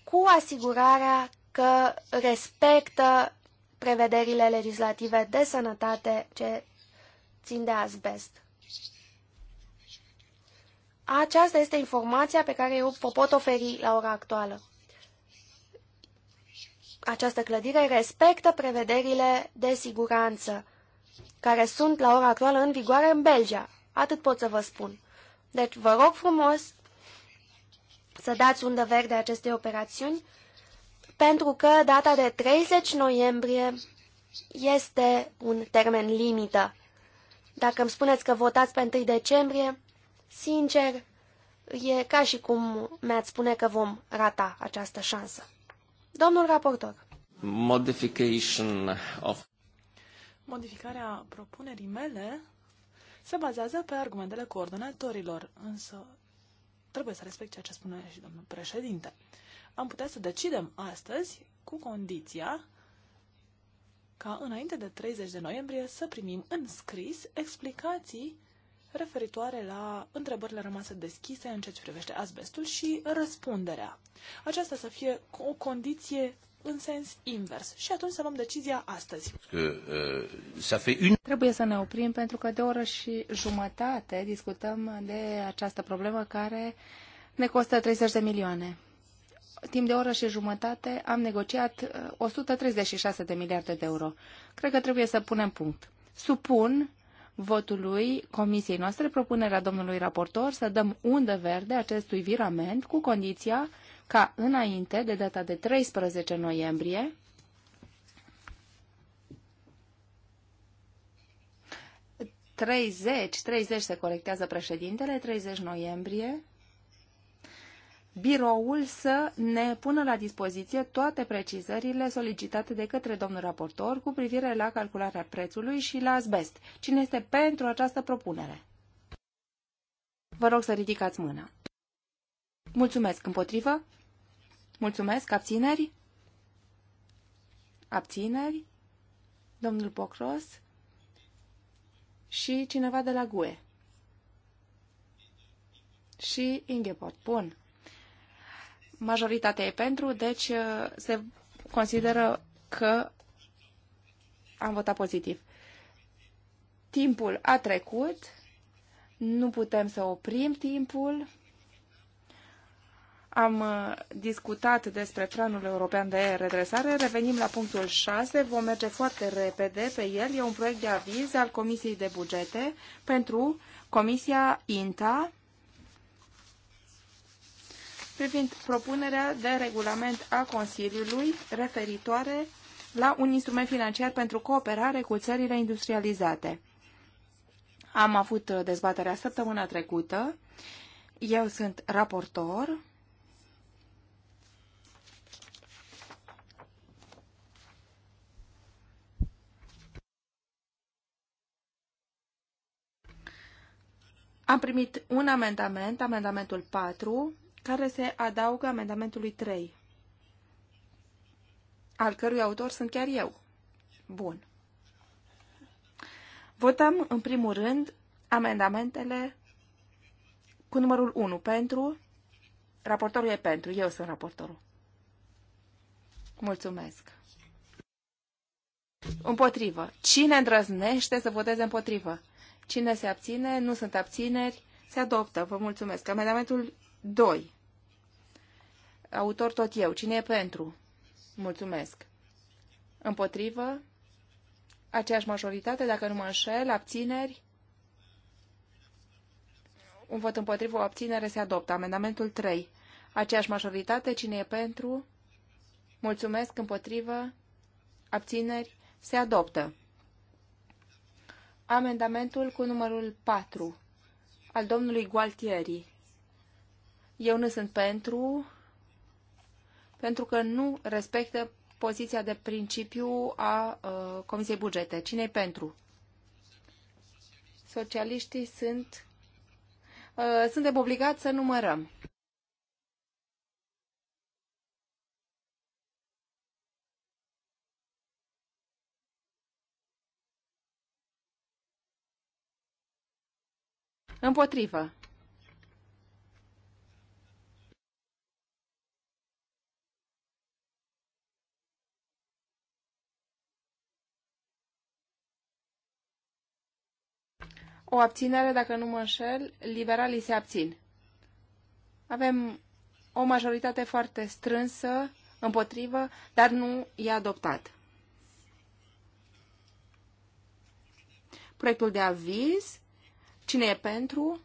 cu asigurarea că respectă prevederile legislative de sănătate ce țin de asbest. Aceasta este informația pe care eu o pot oferi la ora actuală. Această clădire respectă prevederile de siguranță care sunt la ora actuală în vigoare în Belgia. Atât pot să vă spun. Deci vă rog frumos să dați undă verde aceste operațiuni pentru că data de 30 noiembrie este un termen limită. Dacă îmi spuneți că votați pe 1 decembrie, sincer, e ca și cum mi-ați spune că vom rata această șansă. Domnul raportor. Modification of... Modificarea propunerii mele se bazează pe argumentele coordonatorilor, însă trebuie să respect ceea ce spune și domnul președinte. Am putea să decidem astăzi cu condiția ca înainte de 30 de noiembrie să primim în scris explicații referitoare la întrebările rămase deschise în ceea ce privește asbestul și răspunderea. Aceasta să fie o condiție în sens invers. Și atunci să luăm decizia astăzi. Uh, Trebuie să ne oprim pentru că de o oră și jumătate discutăm de această problemă care ne costă 30 de milioane timp de o oră și jumătate, am negociat 136 uh, de miliarde de euro. Cred că trebuie să punem punct. Supun votului comisiei noastre propunerea domnului raportor să dăm undă verde acestui virament cu condiția ca înainte de data de 13 noiembrie treizeci, treizeci se colectează președintele, 30 noiembrie biroul să ne pună la dispoziție toate precizările solicitate de către domnul raportor cu privire la calcularea prețului și la asbest. Cine este pentru această propunere? Vă rog să ridicați mâna. Mulțumesc. Împotrivă? Mulțumesc. Abțineri? Abțineri? Domnul Pocros? Și cineva de la GUE? Și Ingeport. Bun majoritatea e pentru, deci uh, se consideră că am votat pozitiv. Timpul a trecut, nu putem să oprim timpul. Am uh, discutat despre planul european de redresare, revenim la punctul 6, vom merge foarte repede pe el. E un proiect de aviz al Comisiei de Bugete pentru Comisia INTA, privind propunerea de regulament a Consiliului referitoare la un instrument financiar pentru cooperare cu țările industrializate. Am avut uh, dezbaterea săptămâna trecută. Eu sunt raportor. Am primit un amendament, amendamentul 4, care se adaugă amendamentului 3, al cărui autor sunt chiar eu. Bun. Votăm, în primul rând, amendamentele cu numărul 1 pentru. Raportorul e pentru. Eu sunt raportorul. Mulțumesc. Împotrivă. Cine îndrăznește să voteze împotrivă? Cine se abține? Nu sunt abțineri. Se adoptă. Vă mulțumesc. Amendamentul 2. Autor tot eu. Cine e pentru? Mulțumesc. Împotrivă? Aceeași majoritate, dacă nu mă înșel, abțineri? Un vot împotrivă, o abținere se adoptă. Amendamentul 3. Aceeași majoritate, cine e pentru? Mulțumesc, împotrivă, abțineri, se adoptă. Amendamentul cu numărul 4 al domnului Gualtieri. Eu nu sunt pentru, pentru că nu respectă poziția de principiu a uh, Comisiei Bugete. Cine-i pentru? Socialiștii sunt... Uh, suntem obligați să numărăm. Împotrivă. O abținere, dacă nu mă înșel, liberalii se abțin. Avem o majoritate foarte strânsă împotrivă, dar nu e adoptat. Proiectul de aviz. Cine e pentru?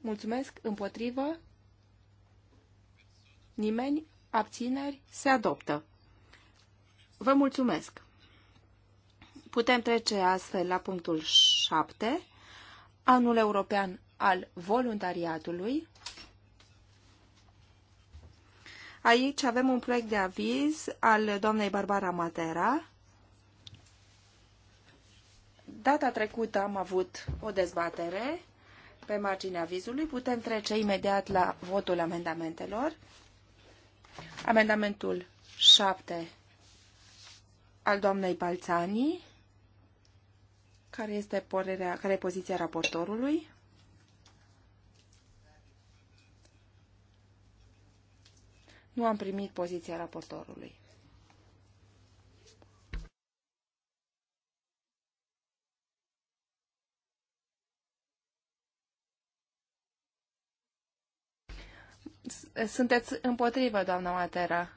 Mulțumesc. Împotrivă? Nimeni? Abțineri? Se adoptă. Vă mulțumesc! Putem trece astfel la punctul 7, anul european al voluntariatului. Aici avem un proiect de aviz al doamnei Barbara Matera. Data trecută am avut o dezbatere pe marginea avizului. Putem trece imediat la votul amendamentelor. Amendamentul 7 al doamnei Balțanii care este părerea, care e poziția raportorului? Nu am primit poziția raportorului. Sunteți împotrivă, doamna Matera.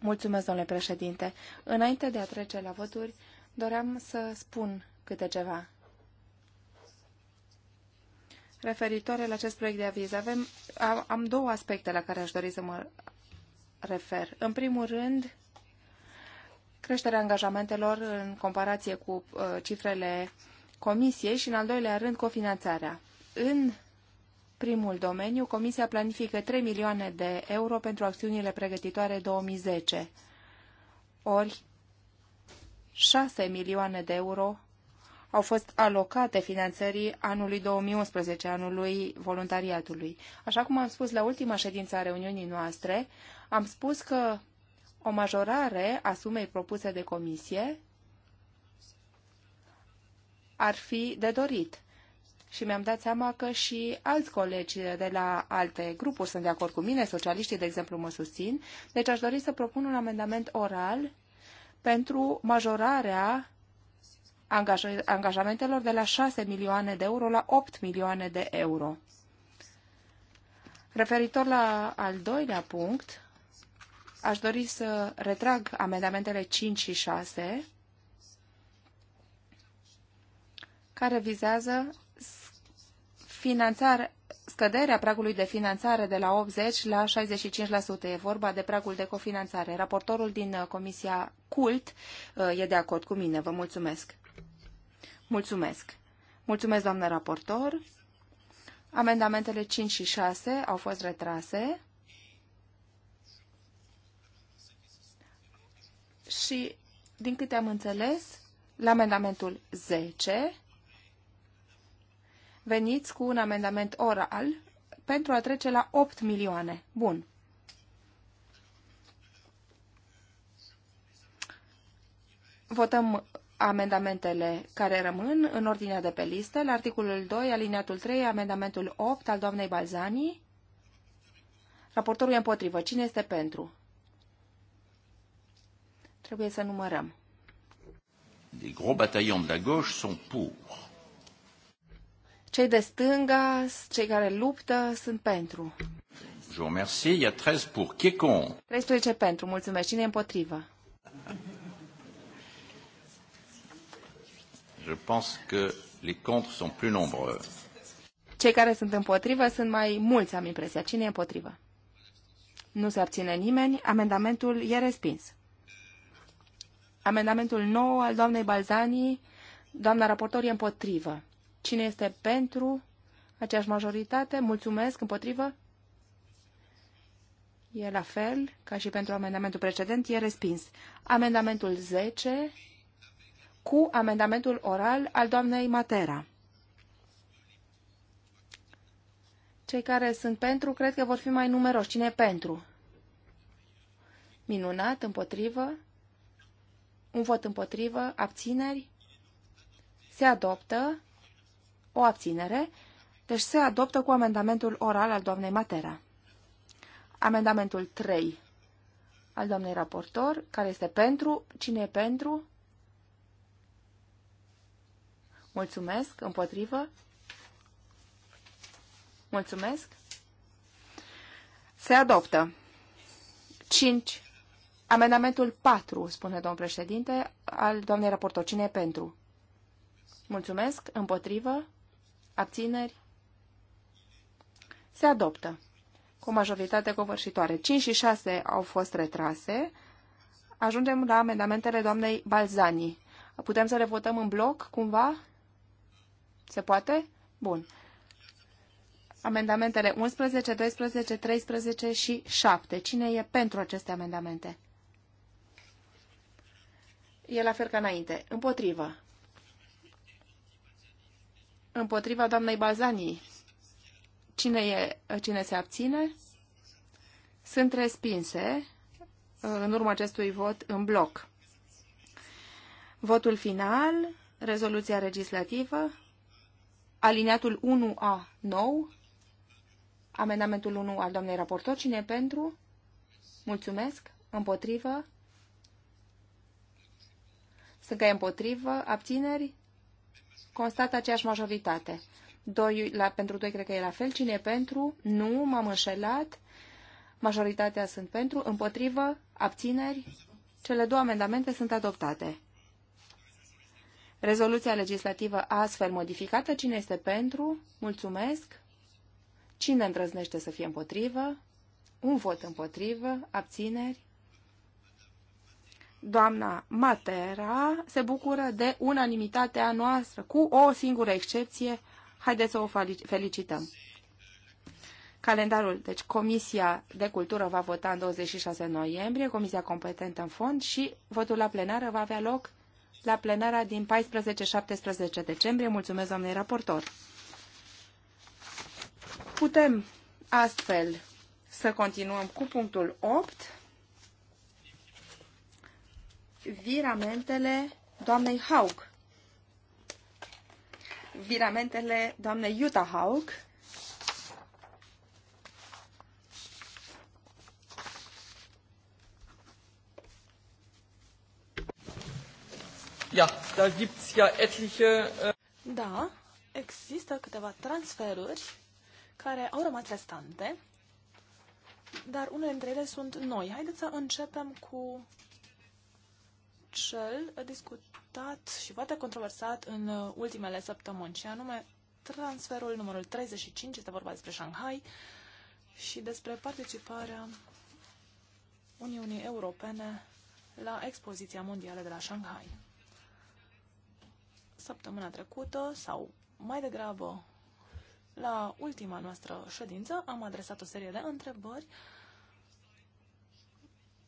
Mulțumesc, domnule președinte. Înainte de a trece la voturi, doream să spun câte ceva. Referitoare la acest proiect de aviz, avem, am, am două aspecte la care aș dori să mă refer. În primul rând, creșterea angajamentelor în comparație cu uh, cifrele comisiei și, în al doilea rând, cofinanțarea. În primul domeniu, Comisia planifică 3 milioane de euro pentru acțiunile pregătitoare 2010, ori 6 milioane de euro au fost alocate finanțării anului 2011, anului voluntariatului. Așa cum am spus la ultima ședință a reuniunii noastre, am spus că o majorare a sumei propuse de comisie ar fi de dorit. Și mi-am dat seama că și alți colegi de la alte grupuri sunt de acord cu mine, socialiștii, de exemplu, mă susțin. Deci aș dori să propun un amendament oral pentru majorarea angajamentelor de la 6 milioane de euro la 8 milioane de euro. Referitor la al doilea punct, aș dori să retrag amendamentele 5 și 6, care vizează finanțare, scăderea pragului de finanțare de la 80 la 65%. E vorba de pragul de cofinanțare. Raportorul din uh, Comisia CULT uh, e de acord cu mine. Vă mulțumesc. Mulțumesc. Mulțumesc, doamnă raportor. Amendamentele 5 și 6 au fost retrase. Și, din câte am înțeles, la amendamentul 10 veniți cu un amendament oral pentru a trece la 8 milioane. Bun. Votăm amendamentele care rămân în ordinea de pe listă, la articolul 2, aliniatul 3, amendamentul 8 al doamnei Balzani. Raportorul e împotrivă. Cine este pentru? Trebuie să numărăm. Les gros bataillons de la gauche sont pour. Cei de stânga, cei care luptă, sunt pentru. Je vous remercie. Il y a 13 pour. Qui est 13 pentru. Mulțumesc. Cine e împotrivă? Je pense que les contre sont plus nombreux. Cei care sunt împotrivă sunt mai mulți, am impresia. Cine e împotrivă? Nu se abține nimeni. Amendamentul e respins. Amendamentul nou al doamnei Balzani, doamna raportor, e împotrivă. Cine este pentru aceeași majoritate? Mulțumesc. Împotrivă? E la fel ca și pentru amendamentul precedent. E respins. Amendamentul 10 cu amendamentul oral al doamnei Matera. Cei care sunt pentru, cred că vor fi mai numeroși. Cine e pentru? Minunat, împotrivă. Un vot împotrivă, abțineri. Se adoptă o abținere, deci se adoptă cu amendamentul oral al doamnei Matera. Amendamentul 3 al doamnei raportor, care este pentru, cine e pentru? Mulțumesc, împotrivă? Mulțumesc. Se adoptă. 5. Amendamentul 4, spune domnul președinte, al doamnei raportor. Cine e pentru? Mulțumesc. Împotrivă? Abțineri? Se adoptă. Cu majoritate covârșitoare. 5 și 6 au fost retrase. Ajungem la amendamentele doamnei Balzani. Putem să le votăm în bloc, cumva? Se poate? Bun. Amendamentele 11, 12, 13 și 7. Cine e pentru aceste amendamente? E la fel ca înainte. Împotrivă împotriva doamnei Bazanii. Cine, e, cine se abține? Sunt respinse uh, în urma acestui vot în bloc. Votul final, rezoluția legislativă, aliniatul 1A9, amendamentul 1 al doamnei raportor, cine pentru? Mulțumesc. Împotrivă? Sunt ca împotrivă? Abțineri? constată aceeași majoritate. Doi, la, pentru doi cred că e la fel. Cine e pentru? Nu, m-am înșelat. Majoritatea sunt pentru. Împotrivă? Abțineri? Cele două amendamente sunt adoptate. Rezoluția legislativă astfel modificată. Cine este pentru? Mulțumesc. Cine îndrăznește să fie împotrivă? Un vot împotrivă. Abțineri? doamna Matera se bucură de unanimitatea noastră, cu o singură excepție. Haideți să o felicităm. Calendarul, deci Comisia de Cultură va vota în 26 noiembrie, Comisia competentă în fond și votul la plenară va avea loc la plenara din 14-17 decembrie. Mulțumesc, doamnei raportor. Putem astfel să continuăm cu punctul 8 viramentele doamnei Haug. Viramentele doamnei Jutta Haug. Ja, da gibt's ja etliche... Uh... Da, există câteva transferuri care au rămas restante, dar unele dintre ele sunt noi. Haideți să începem cu cel discutat și poate controversat în uh, ultimele săptămâni, și anume transferul numărul 35, este vorba despre Shanghai, și despre participarea Uniunii Europene la expoziția mondială de la Shanghai. Săptămâna trecută, sau mai degrabă la ultima noastră ședință, am adresat o serie de întrebări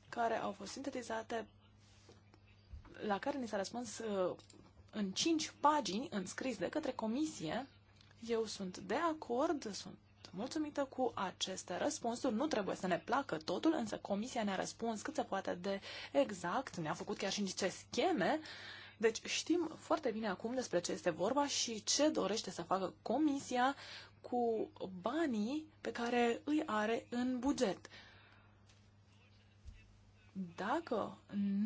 care au fost sintetizate la care ni s-a răspuns uh, în cinci pagini înscris de către comisie. Eu sunt de acord, sunt mulțumită cu aceste răspunsuri. Nu trebuie să ne placă totul, însă comisia ne-a răspuns cât se poate de exact, ne-a făcut chiar și niște scheme. Deci știm foarte bine acum despre ce este vorba și ce dorește să facă comisia cu banii pe care îi are în buget. Dacă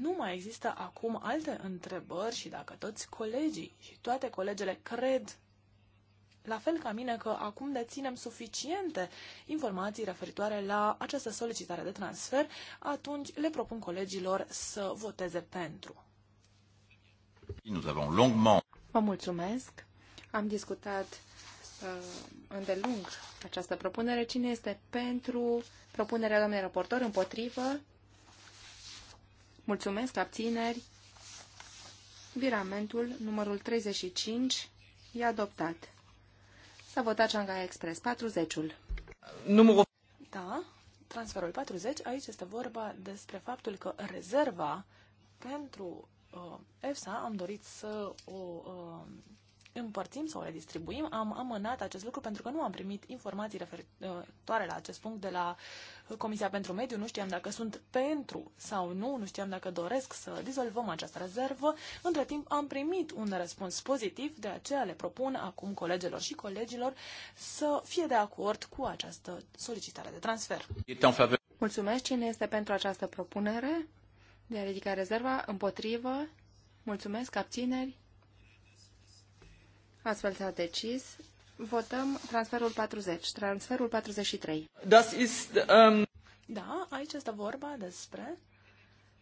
nu mai există acum alte întrebări și dacă toți colegii și toate colegele cred la fel ca mine că acum deținem suficiente informații referitoare la această solicitare de transfer, atunci le propun colegilor să voteze pentru. Vă mulțumesc. Am discutat uh, îndelung această propunere. Cine este pentru propunerea doamnei raportor? Împotrivă? Mulțumesc, abțineri. Viramentul numărul 35 e adoptat. S-a votat Shanghai Express 40-ul. Numărul... Da, transferul 40, aici este vorba despre faptul că rezerva pentru uh, EFSA am dorit să o uh, împărțim sau redistribuim, Am amânat acest lucru pentru că nu am primit informații referitoare uh, la acest punct de la Comisia pentru Mediu. Nu știam dacă sunt pentru sau nu, nu știam dacă doresc să dizolvăm această rezervă. Între timp am primit un răspuns pozitiv, de aceea le propun acum colegilor și colegilor să fie de acord cu această solicitare de transfer. Mulțumesc. Cine este pentru această propunere de a ridica rezerva? Împotrivă? Mulțumesc. Abțineri? Astfel s-a decis. Votăm transferul 40, transferul 43. Das ist, um... Da, aici este vorba despre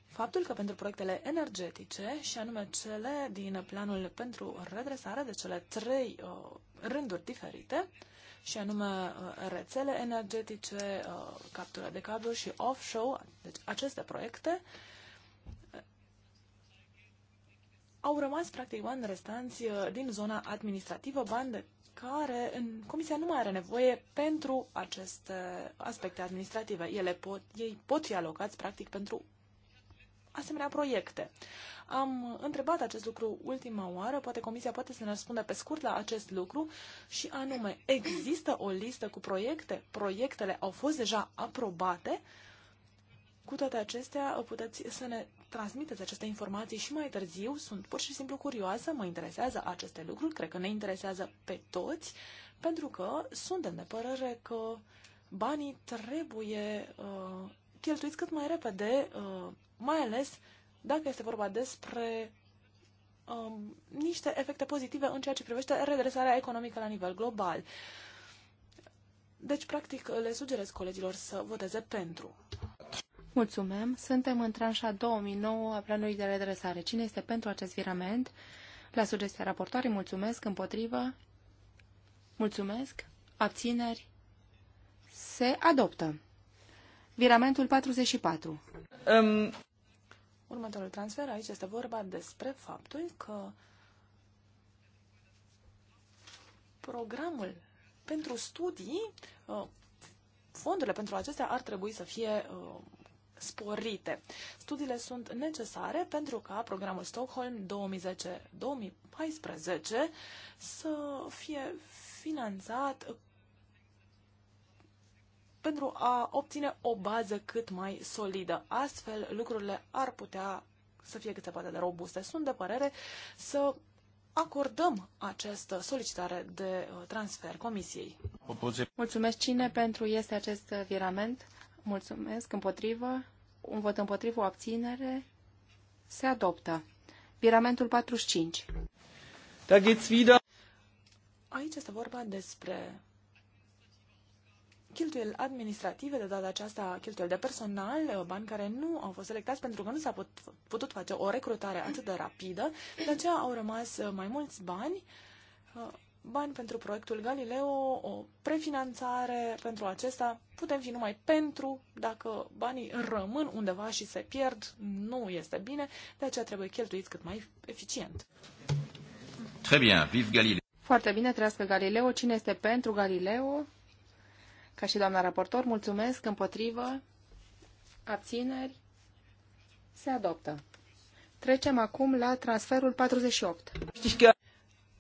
faptul că pentru proiectele energetice, și anume cele din planul pentru redresare, de cele trei uh, rânduri diferite, și anume uh, rețele energetice, uh, captură de cabluri și offshore, deci aceste proiecte, au rămas practic bani restanți uh, din zona administrativă, bani de care în comisia nu mai are nevoie pentru aceste aspecte administrative. Ele pot, ei pot fi alocați practic pentru asemenea proiecte. Am întrebat acest lucru ultima oară, poate comisia poate să ne răspundă pe scurt la acest lucru și anume, există o listă cu proiecte? Proiectele au fost deja aprobate? Cu toate acestea, puteți să ne transmiteți aceste informații și mai târziu. Sunt pur și simplu curioasă, mă interesează aceste lucruri, cred că ne interesează pe toți, pentru că suntem de părere că banii trebuie uh, cheltuiți cât mai repede, uh, mai ales dacă este vorba despre uh, niște efecte pozitive în ceea ce privește redresarea economică la nivel global. Deci, practic, le sugerez colegilor să voteze pentru. Mulțumim. Suntem în tranșa 2009 a planului de redresare. Cine este pentru acest virament? La sugestia raportoarei, mulțumesc. Împotrivă? Mulțumesc. Abțineri? Se adoptă. Viramentul 44. Um... Următorul transfer, aici este vorba despre faptul că programul pentru studii, uh, fondurile pentru acestea ar trebui să fie uh, sporite. Studiile sunt necesare pentru ca programul Stockholm 2010-2014 să fie finanțat pentru a obține o bază cât mai solidă. Astfel, lucrurile ar putea să fie cât se poate de robuste. Sunt de părere să acordăm această solicitare de uh, transfer Comisiei. Mulțumesc. Cine pentru este acest uh, virament? Mulțumesc. Împotrivă. Un vot împotrivă, o abținere. Se adoptă. Piramentul 45. Da geht's wieder. Aici este vorba despre cheltuieli administrative, de data aceasta cheltuieli de personal, bani care nu au fost selectați pentru că nu s-a putut face o recrutare atât de rapidă, de aceea au rămas mai mulți bani bani pentru proiectul Galileo, o prefinanțare pentru acesta. Putem fi numai pentru, dacă banii rămân undeva și se pierd, nu este bine, de aceea trebuie cheltuiți cât mai eficient. Très bien, vive Galileo. Foarte bine, trăiască Galileo. Cine este pentru Galileo? Ca și doamna raportor, mulțumesc, împotrivă, abțineri, se adoptă. Trecem acum la transferul 48.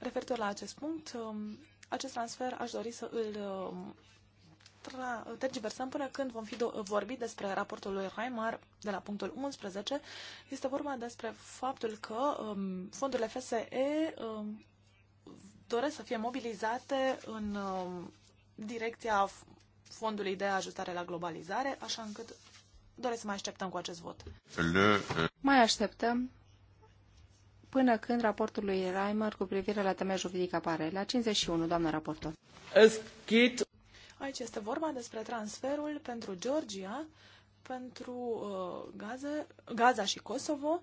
Referitor la acest punct, um, acest transfer aș dori să îl um, tergiversăm până când vom fi vorbit despre raportul lui Reimar de la punctul 11. Este vorba despre faptul că um, fondurile FSE um, doresc să fie mobilizate în um, direcția fondului de ajustare la globalizare, așa încât doresc să mai așteptăm cu acest vot. Uh, mai așteptăm până când raportul lui Reimer cu privire la temei juridică apare. La 51, doamnă raportor. Aici este vorba despre transferul pentru Georgia, pentru uh, Gaza, Gaza și Kosovo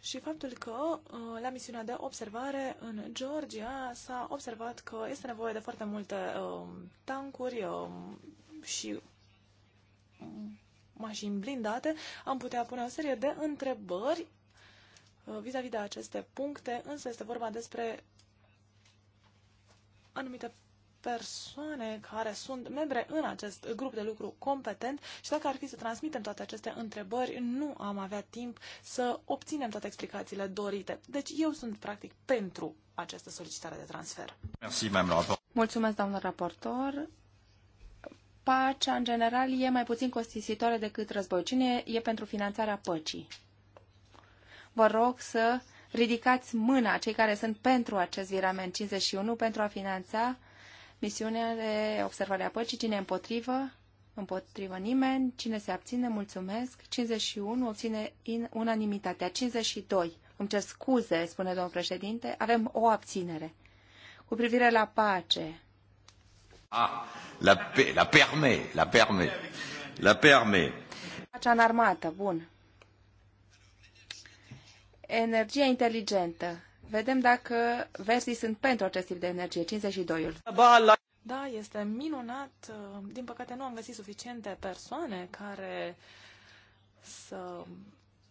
și faptul că uh, la misiunea de observare în Georgia s-a observat că este nevoie de foarte multe uh, tancuri uh, și mașini blindate, am putea pune o serie de întrebări Uh, vis-a-vis -vis de aceste puncte, însă este vorba despre anumite persoane care sunt membre în acest grup de lucru competent și dacă ar fi să transmitem toate aceste întrebări, nu am avea timp să obținem toate explicațiile dorite. Deci eu sunt practic pentru această solicitare de transfer. Mulțumesc, doamnă raportor. Pacea, în general, e mai puțin costisitoare decât război. Cine e pentru finanțarea păcii? vă rog să ridicați mâna cei care sunt pentru acest virament 51 pentru a finanța misiunea de observare a păcii. Cine împotrivă? Împotrivă nimeni. Cine se abține? Mulțumesc. 51 obține in unanimitatea. 52. Îmi cer scuze, spune domnul președinte. Avem o abținere. Cu privire la pace. Ah, la, pe, la perme, la perme, la perme. Pacea în armată, bun. Energia inteligentă. Vedem dacă versii sunt pentru acest tip de energie. 52-ul. Da, este minunat. Din păcate nu am găsit suficiente persoane care să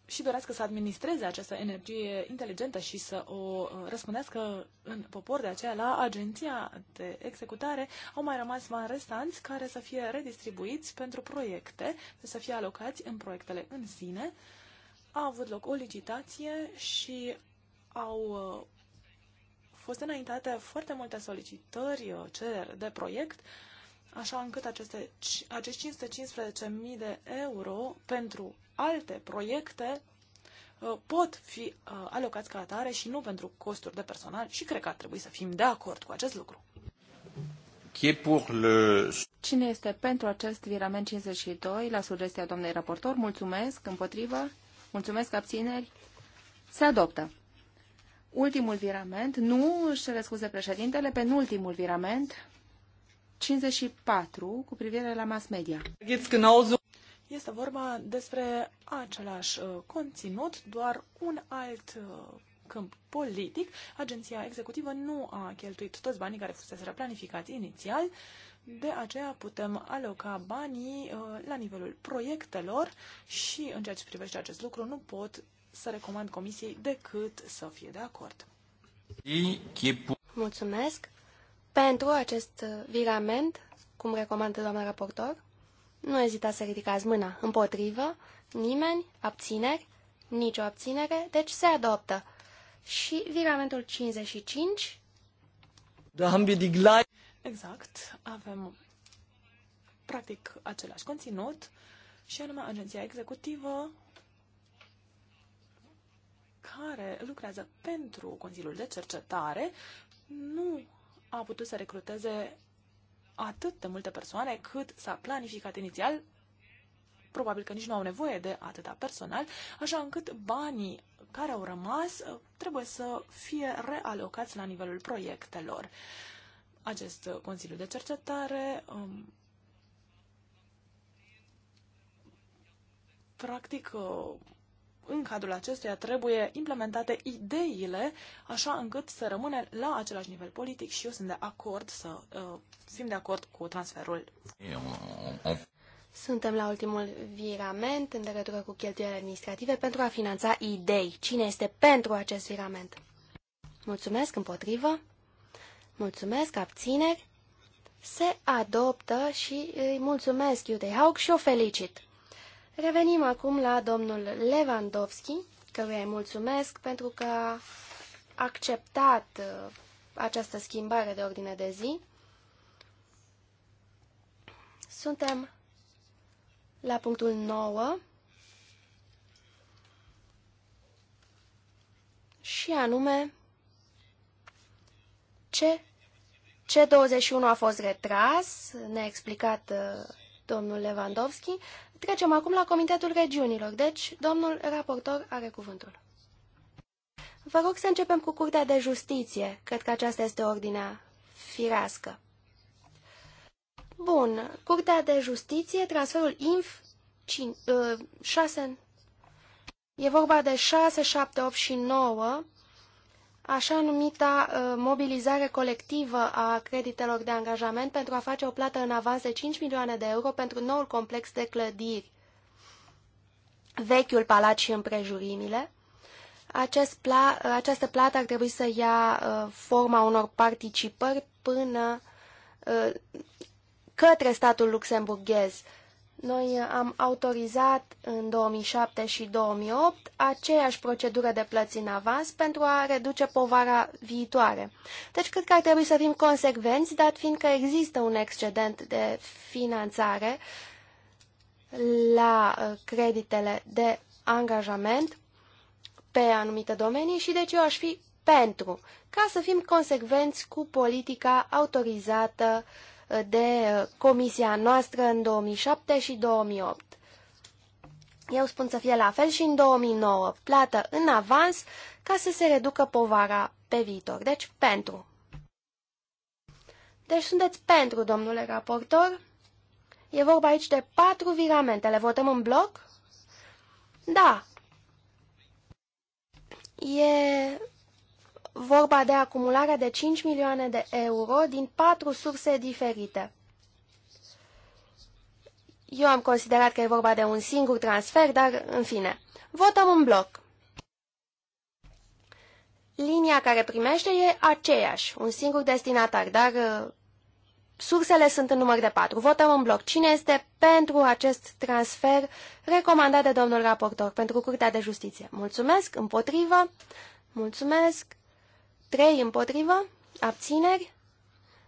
și dorească să administreze această energie inteligentă și să o uh, răspundească în popor. De aceea, la agenția de executare au mai rămas mai restanți care să fie redistribuiți pentru proiecte, să fie alocați în proiectele în sine a avut loc o licitație și au uh, fost înaintate foarte multe solicitări, uh, cereri de proiect, așa încât aceste, acești 515.000 de euro pentru alte proiecte uh, pot fi alocați ca atare și nu pentru costuri de personal și cred că ar trebui să fim de acord cu acest lucru. Cine este pentru acest virament 52 la sugestia doamnei raportor? Mulțumesc. Împotrivă? Mulțumesc, abțineri. Se adoptă. Ultimul virament. Nu, își cere scuze președintele, penultimul virament. 54 cu privire la mass media. Este vorba despre același uh, conținut, doar un alt uh, câmp politic. Agenția executivă nu a cheltuit toți banii care fusese planificați inițial. De aceea putem aloca banii uh, la nivelul proiectelor și în ceea ce privește acest lucru nu pot să recomand comisiei decât să fie de acord. Mulțumesc pentru acest uh, virament, cum recomandă doamna raportor. Nu ezitați să ridicați mâna. Împotrivă, nimeni, abțineri, nicio abținere, deci se adoptă. Și viramentul 55. Da, am Exact, avem practic același conținut și anume agenția executivă care lucrează pentru Consiliul de Cercetare nu a putut să recruteze atât de multe persoane cât s-a planificat inițial. Probabil că nici nu au nevoie de atâta personal, așa încât banii care au rămas uh, trebuie să fie realocați la nivelul proiectelor acest uh, Consiliu de Cercetare um, practic uh, în cadrul acestuia trebuie implementate ideile așa încât să rămâne la același nivel politic și eu sunt de acord să uh, simt de acord cu transferul. Suntem la ultimul virament în legătură cu cheltuielile administrative pentru a finanța idei. Cine este pentru acest virament? Mulțumesc, împotrivă. Mulțumesc, abțineri. Se adoptă și îi mulțumesc Iudei Haug și o felicit. Revenim acum la domnul Lewandowski, căruia îi mulțumesc pentru că a acceptat uh, această schimbare de ordine de zi. Suntem la punctul 9 și anume ce C21 a fost retras, ne-a explicat uh, domnul Lewandowski. Trecem acum la Comitetul Regiunilor, deci domnul raportor are cuvântul. Vă rog să începem cu Curtea de Justiție. Cred că aceasta este ordinea firească. Bun, Curtea de Justiție, transferul INF 5, 6, uh, e vorba de 6, 7, 8 și 9, așa numita uh, mobilizare colectivă a creditelor de angajament pentru a face o plată în avans de 5 milioane de euro pentru noul complex de clădiri, vechiul palat și împrejurimile. Acest pla, uh, această plată ar trebui să ia uh, forma unor participări până către statul luxemburghez noi am autorizat în 2007 și 2008 aceeași procedură de plăți în avans pentru a reduce povara viitoare. Deci cred că ar trebui să fim consecvenți, dat fiindcă există un excedent de finanțare la uh, creditele de angajament pe anumite domenii și deci eu aș fi pentru, ca să fim consecvenți cu politica autorizată uh, de comisia noastră în 2007 și 2008. Eu spun să fie la fel și în 2009, plată în avans ca să se reducă povara pe viitor. Deci pentru. Deci sunteți pentru, domnule raportor. E vorba aici de patru viramente. Le votăm în bloc? Da. E vorba de acumularea de 5 milioane de euro din patru surse diferite. Eu am considerat că e vorba de un singur transfer, dar în fine. Votăm în bloc. Linia care primește e aceeași, un singur destinatar, dar uh, sursele sunt în număr de patru. Votăm în bloc. Cine este pentru acest transfer recomandat de domnul raportor pentru Curtea de Justiție? Mulțumesc, împotrivă, mulțumesc, 3 împotrivă, abțineri,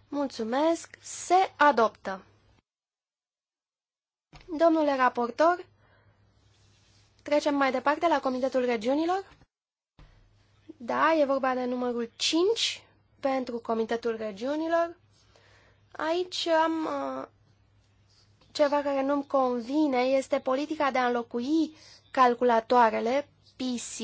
mulțumesc, se adoptă. Domnule raportor, trecem mai departe la Comitetul Regiunilor. Da, e vorba de numărul 5 pentru Comitetul Regiunilor. Aici am uh, ceva care nu-mi convine, este politica de a înlocui calculatoarele PC,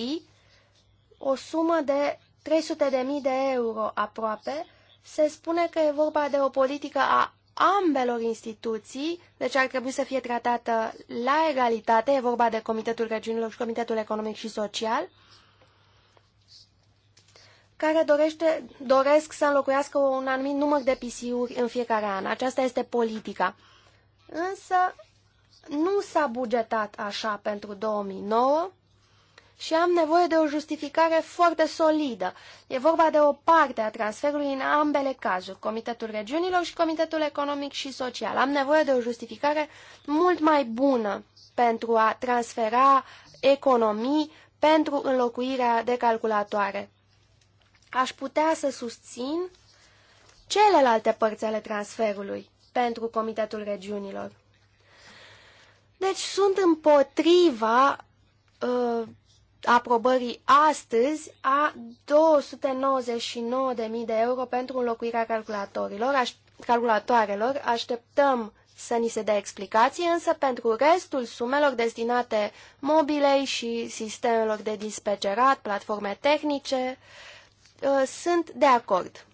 o sumă de 300 de mii de euro aproape, se spune că e vorba de o politică a ambelor instituții, deci ar trebui să fie tratată la egalitate, e vorba de Comitetul Regiunilor și Comitetul Economic și Social, care dorește, doresc să înlocuiască un anumit număr de PC-uri în fiecare an. Aceasta este politica. Însă nu s-a bugetat așa pentru 2009, și am nevoie de o justificare foarte solidă. E vorba de o parte a transferului în ambele cazuri, Comitetul Regiunilor și Comitetul Economic și Social. Am nevoie de o justificare mult mai bună pentru a transfera economii pentru înlocuirea de calculatoare. Aș putea să susțin celelalte părți ale transferului pentru Comitetul Regiunilor. Deci sunt împotriva uh, aprobării astăzi a 299.000 de euro pentru înlocuirea calculatorilor, aș, calculatoarelor. Așteptăm să ni se dea explicații, însă pentru restul sumelor destinate mobilei și sistemelor de dispecerat, platforme tehnice, ă, sunt de acord.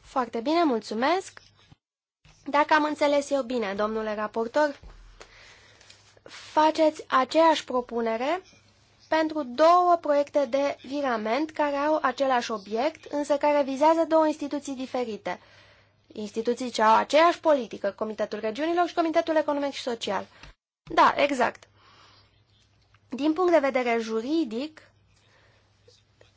Foarte bine, mulțumesc! Dacă am înțeles eu bine, domnule raportor, faceți aceeași propunere pentru două proiecte de virament care au același obiect, însă care vizează două instituții diferite. Instituții ce au aceeași politică, Comitetul Regiunilor și Comitetul Economic și Social. Da, exact. Din punct de vedere juridic,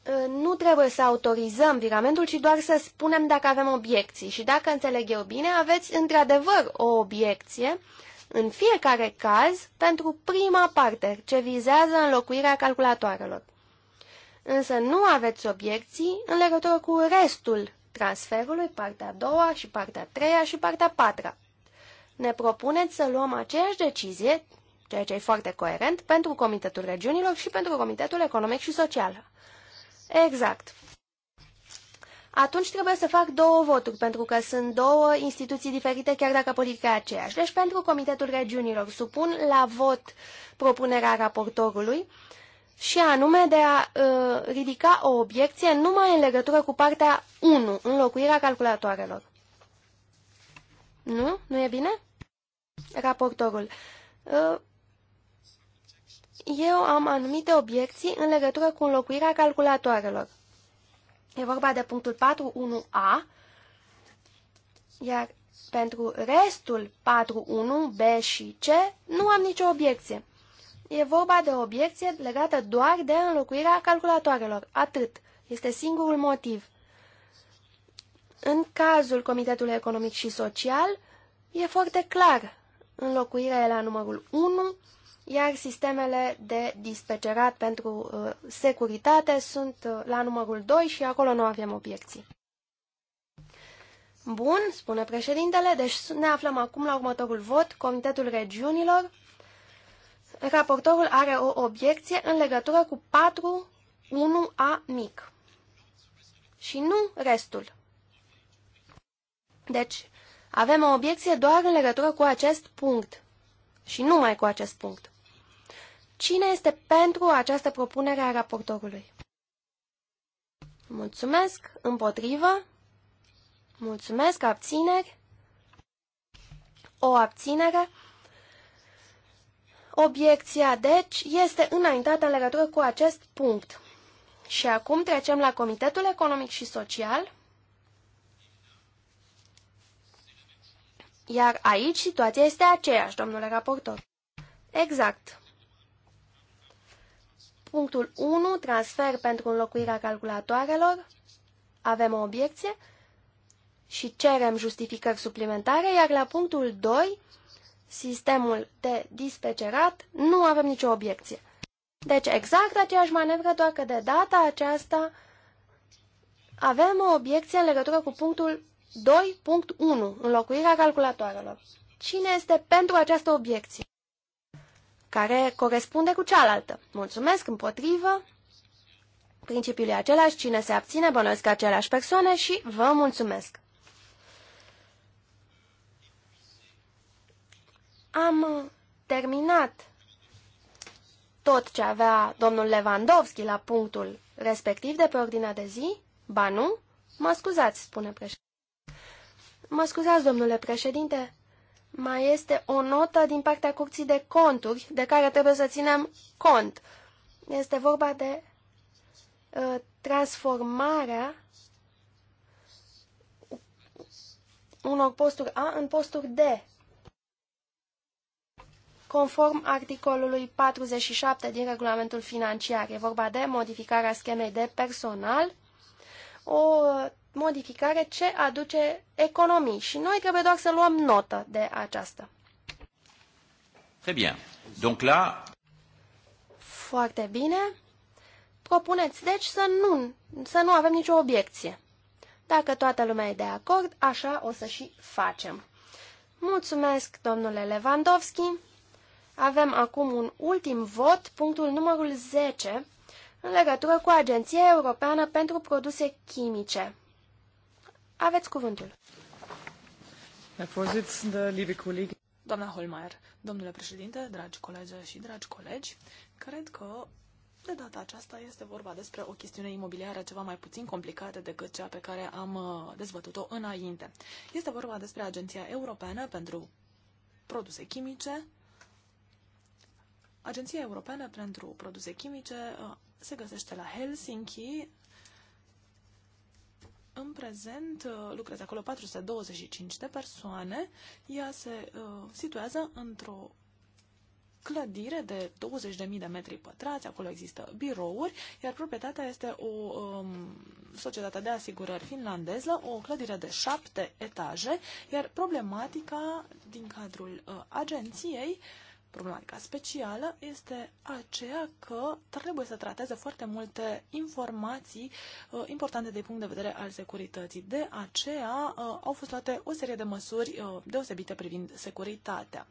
ă, nu trebuie să autorizăm viramentul, ci doar să spunem dacă avem obiecții. Și dacă înțeleg eu bine, aveți într-adevăr o obiecție, în fiecare caz, pentru prima parte, ce vizează înlocuirea calculatoarelor. Însă nu aveți obiecții în legătură cu restul transferului, partea a doua și partea a treia și partea a patra. Ne propuneți să luăm aceeași decizie, ceea ce e foarte coerent, pentru Comitetul Regiunilor și pentru Comitetul Economic și Social. Exact atunci trebuie să fac două voturi, pentru că sunt două instituții diferite, chiar dacă politica e aceeași. Deci, pentru Comitetul Regiunilor, supun la vot propunerea raportorului și anume de a uh, ridica o obiecție numai în legătură cu partea 1, înlocuirea calculatoarelor. Nu? Nu e bine? Raportorul. Uh, eu am anumite obiecții în legătură cu înlocuirea calculatoarelor. E vorba de punctul 4.1a, iar pentru restul 4.1, B și C nu am nicio obiecție. E vorba de o obiecție legată doar de înlocuirea calculatoarelor. Atât. Este singurul motiv. În cazul Comitetului Economic și Social, e foarte clar. Înlocuirea e la numărul 1 iar sistemele de dispecerat pentru uh, securitate sunt uh, la numărul 2 și acolo nu avem obiecții. Bun, spune președintele, deci ne aflăm acum la următorul vot, Comitetul Regiunilor. Raportorul are o obiecție în legătură cu 41 a mic și nu restul. Deci, avem o obiecție doar în legătură cu acest punct și numai cu acest punct. Cine este pentru această propunere a raportorului? Mulțumesc. Împotrivă? Mulțumesc. Abțineri? O abținere? Obiecția, deci, este înaintată în legătură cu acest punct. Și acum trecem la Comitetul Economic și Social. Iar aici situația este aceeași, domnule raportor. Exact. Punctul 1, transfer pentru înlocuirea calculatoarelor. Avem o obiecție și cerem justificări suplimentare, iar la punctul 2, sistemul de dispecerat, nu avem nicio obiecție. Deci exact aceeași manevră, doar că de data aceasta avem o obiecție în legătură cu punctul 2.1, înlocuirea calculatoarelor. Cine este pentru această obiecție? care corespunde cu cealaltă. Mulțumesc, împotrivă. Principiul e același, cine se abține, bănuiesc aceleași persoane și vă mulțumesc. Am terminat tot ce avea domnul Lewandowski la punctul respectiv de pe ordinea de zi? Ba nu? Mă scuzați, spune președinte. Mă scuzați, domnule președinte, mai este o notă din partea Curții de Conturi de care trebuie să ținem cont. Este vorba de uh, transformarea unor posturi A în posturi D, conform articolului 47 din regulamentul financiar. E vorba de modificarea schemei de personal, o modificare ce aduce economii și noi trebuie doar să luăm notă de aceasta. Très bien. Donc là... Foarte bine. Propuneți, deci, să nu, să nu avem nicio obiecție. Dacă toată lumea e de acord, așa o să și facem. Mulțumesc, domnule Lewandowski. Avem acum un ultim vot, punctul numărul 10, în legătură cu Agenția Europeană pentru Produse Chimice. Aveți cuvântul. Doamna Holmeier, domnule președinte, dragi colegi și dragi colegi, cred că de data aceasta este vorba despre o chestiune imobiliară ceva mai puțin complicată decât cea pe care am uh, dezbătut-o înainte. Este vorba despre Agenția Europeană pentru Produse Chimice. Agenția Europeană pentru Produse Chimice uh, se găsește la Helsinki, în prezent uh, lucrează acolo 425 de persoane. Ea se uh, situează într-o clădire de 20.000 de metri pătrați, acolo există birouri, iar proprietatea este o um, societate de asigurări finlandeză, o clădire de șapte etaje, iar problematica din cadrul uh, agenției uh, Problematica specială este aceea că trebuie să trateze foarte multe informații uh, importante din punct de vedere al securității. De aceea uh, au fost luate o serie de măsuri uh, deosebite privind securitatea.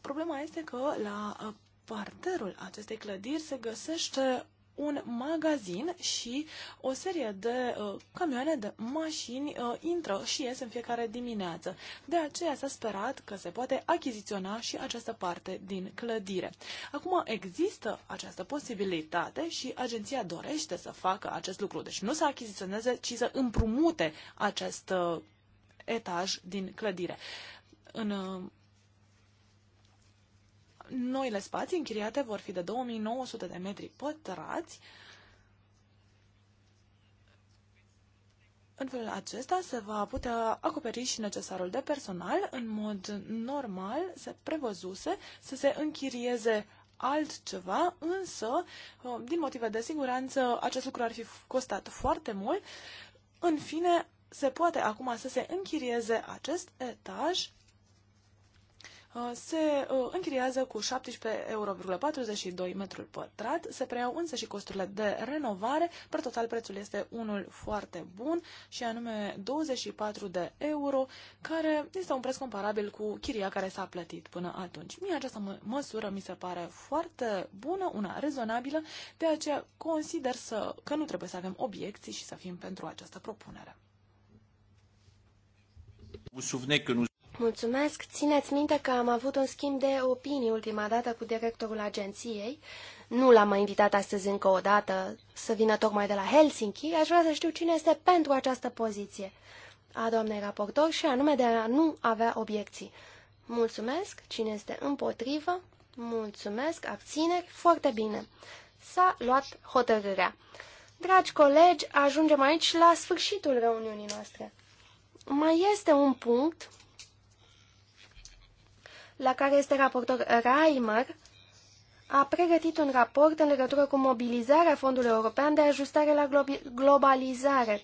Problema este că la uh, parterul acestei clădiri se găsește un magazin și o serie de uh, camioane, de mașini uh, intră și ies în fiecare dimineață. De aceea s-a sperat că se poate achiziționa și această parte din clădire. Acum există această posibilitate și agenția dorește să facă acest lucru. Deci nu să achiziționeze, ci să împrumute acest uh, etaj din clădire. În uh, noile spații închiriate vor fi de 2900 de metri pătrați. În felul acesta se va putea acoperi și necesarul de personal. În mod normal se prevăzuse să se închirieze altceva, însă, din motive de siguranță, acest lucru ar fi costat foarte mult. În fine, se poate acum să se închirieze acest etaj Uh, se uh, închiriază cu 17,42 euro metrul pătrat, se preiau însă și costurile de renovare, Pe total prețul este unul foarte bun și anume 24 de euro, care este un preț comparabil cu chiria care s-a plătit până atunci. Mie această mă măsură mi se pare foarte bună, una rezonabilă, de aceea consider să, că nu trebuie să avem obiecții și să fim pentru această propunere. Vous souvenez que nous Mulțumesc. Țineți minte că am avut un schimb de opinii ultima dată cu directorul agenției. Nu l-am mai invitat astăzi încă o dată să vină tocmai de la Helsinki. Aș vrea să știu cine este pentru această poziție a doamnei raportor și anume de a nu avea obiecții. Mulțumesc. Cine este împotrivă? Mulțumesc. Abțineri? Foarte bine. S-a luat hotărârea. Dragi colegi, ajungem aici la sfârșitul reuniunii noastre. Mai este un punct la care este raportor Reimer, a pregătit un raport în legătură cu mobilizarea Fondului European de ajustare la globalizare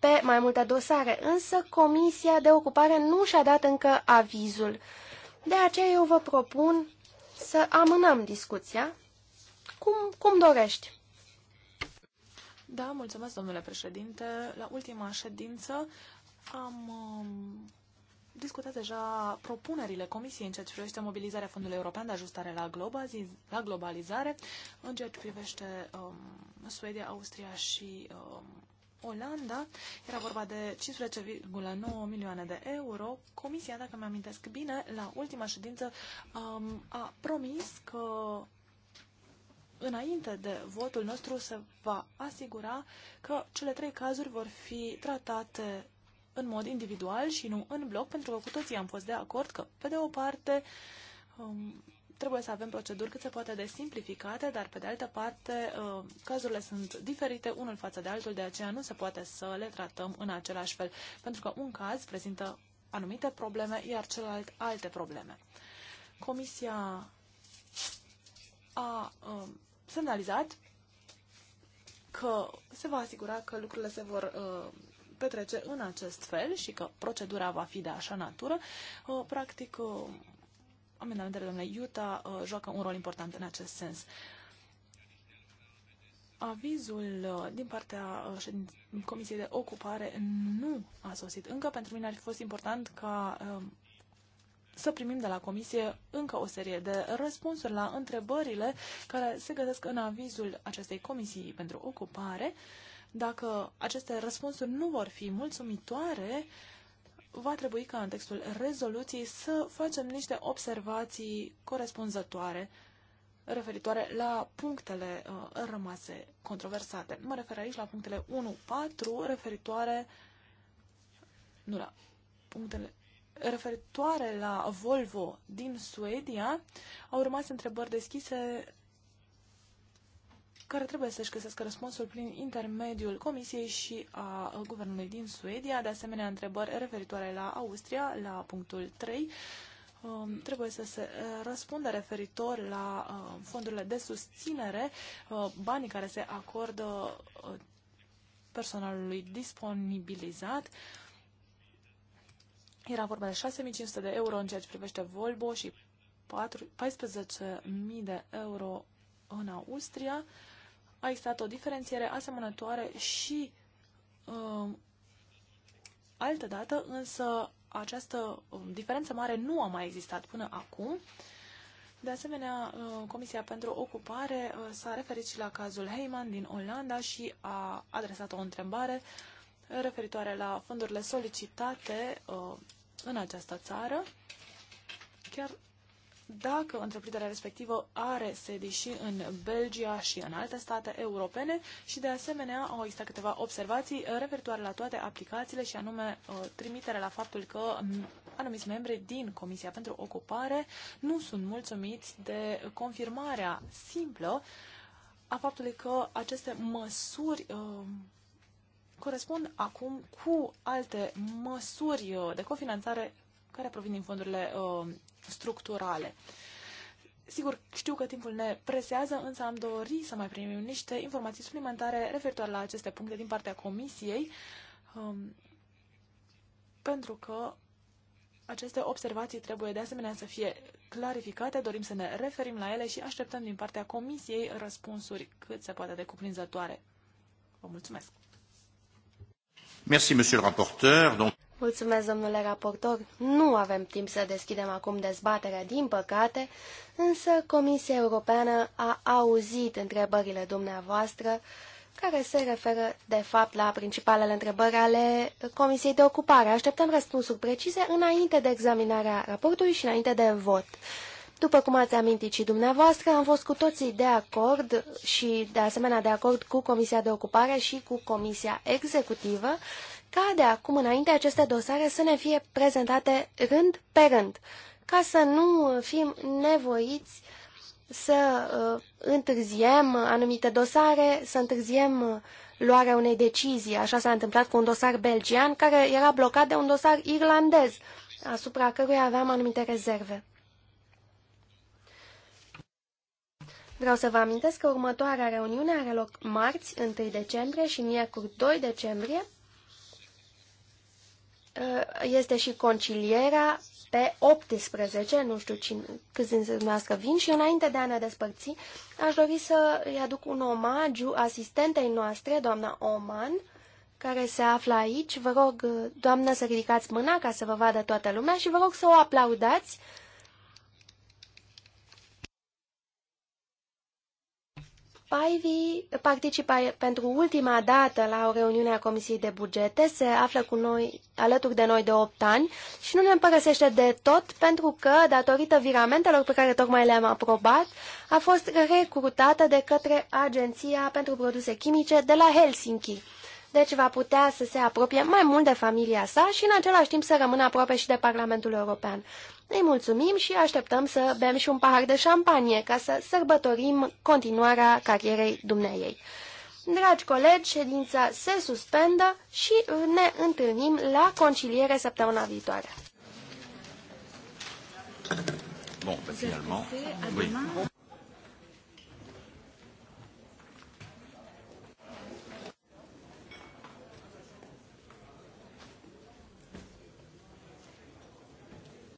pe mai multe dosare, însă Comisia de Ocupare nu și-a dat încă avizul. De aceea eu vă propun să amânăm discuția cum, cum dorești. Da, mulțumesc, domnule președinte. La ultima ședință am um, discutat deja propunerile Comisiei în ceea ce privește mobilizarea Fondului European de Ajustare la, zi, la globalizare, în ceea ce privește um, Suedia, Austria și um, Olanda. Era vorba de 15,9 milioane de euro. Comisia, dacă mi-amintesc bine, la ultima ședință um, a promis că înainte de votul nostru se va asigura că cele trei cazuri vor fi tratate în mod individual și nu în bloc, pentru că cu toții am fost de acord că, pe de o parte, um, trebuie să avem proceduri cât se poate de simplificate, dar pe de altă parte um, cazurile sunt diferite unul față de altul, de aceea nu se poate să le tratăm în același fel, pentru că un caz prezintă anumite probleme, iar celălalt alte probleme. Comisia a um, semnalizat că se va asigura că lucrurile se vor uh, petrece în acest fel și că procedura va fi de așa natură, uh, practic uh, amendamentele domnului Iuta uh, joacă un rol important în acest sens. Avizul din partea Comisiei de Ocupare nu a sosit încă. Pentru mine ar fi fost important ca um, să primim de la Comisie încă o serie de răspunsuri la întrebările care se găsesc în avizul acestei Comisii pentru Ocupare. Uh, dacă aceste răspunsuri nu vor fi mulțumitoare, va trebui ca în textul rezoluției să facem niște observații corespunzătoare referitoare la punctele uh, rămase controversate. Mă refer aici la punctele 1-4 referitoare nu la punctele referitoare la Volvo din Suedia, au rămas întrebări deschise care trebuie să-și găsească răspunsul prin intermediul Comisiei și a Guvernului din Suedia. De asemenea, întrebări referitoare la Austria, la punctul 3, um, trebuie să se uh, răspundă referitor la uh, fondurile de susținere, uh, banii care se acordă personalului disponibilizat. Era vorba de 6500 de euro în ceea ce privește Volvo și 14.000 de euro în Austria a existat o diferențiere asemănătoare și uh, altă dată, însă această um, diferență mare nu a mai existat până acum. De asemenea, uh, Comisia pentru Ocupare uh, s-a referit și la cazul Heyman din Olanda și a adresat o întrebare referitoare la fondurile solicitate uh, în această țară. Chiar dacă întreprinderea respectivă are sedi și în Belgia și în alte state europene și de asemenea au existat câteva observații referitoare la toate aplicațiile și anume uh, trimitere la faptul că mm, anumiți membri din Comisia pentru Ocupare nu sunt mulțumiți de confirmarea simplă a faptului că aceste măsuri uh, corespund acum cu alte măsuri uh, de cofinanțare care provin din fondurile uh, structurale. Sigur, știu că timpul ne presează, însă am dori să mai primim niște informații suplimentare referitoare la aceste puncte din partea Comisiei, um, pentru că aceste observații trebuie de asemenea să fie clarificate, dorim să ne referim la ele și așteptăm din partea Comisiei răspunsuri cât se poate de cuprinzătoare. Vă mulțumesc! Merci, monsieur le rapporteur. Donc... Mulțumesc, domnule raportor. Nu avem timp să deschidem acum dezbaterea, din păcate, însă Comisia Europeană a auzit întrebările dumneavoastră care se referă, de fapt, la principalele întrebări ale Comisiei de Ocupare. Așteptăm răspunsuri precise înainte de examinarea raportului și înainte de vot. După cum ați amintit și dumneavoastră, am fost cu toții de acord și, de asemenea, de acord cu Comisia de Ocupare și cu Comisia Executivă ca de acum înainte aceste dosare să ne fie prezentate rând pe rând, ca să nu fim nevoiți să uh, întârziem anumite dosare, să întârziem uh, luarea unei decizii. Așa s-a întâmplat cu un dosar belgian care era blocat de un dosar irlandez, asupra căruia aveam anumite rezerve. Vreau să vă amintesc că următoarea reuniune are loc marți, 1 decembrie și miercuri 2 decembrie Uh, este și concilierea pe 18, nu știu cine, câți dintre dumneavoastră vin și înainte de a ne despărți, aș dori să îi aduc un omagiu asistentei noastre, doamna Oman, care se află aici. Vă rog, uh, doamnă, să ridicați mâna ca să vă vadă toată lumea și vă rog să o aplaudați Paivi participă pentru ultima dată la o reuniune a Comisiei de Bugete, se află cu noi, alături de noi de 8 ani și nu ne împărăsește de tot pentru că, datorită viramentelor pe care tocmai le-am aprobat, a fost recrutată de către Agenția pentru Produse Chimice de la Helsinki. Deci va putea să se apropie mai mult de familia sa și în același timp să rămână aproape și de Parlamentul European. Îi mulțumim și așteptăm să bem și un pahar de șampanie ca să sărbătorim continuarea carierei dumneiei. Dragi colegi, ședința se suspendă și ne întâlnim la conciliere săptămâna viitoare. Bon,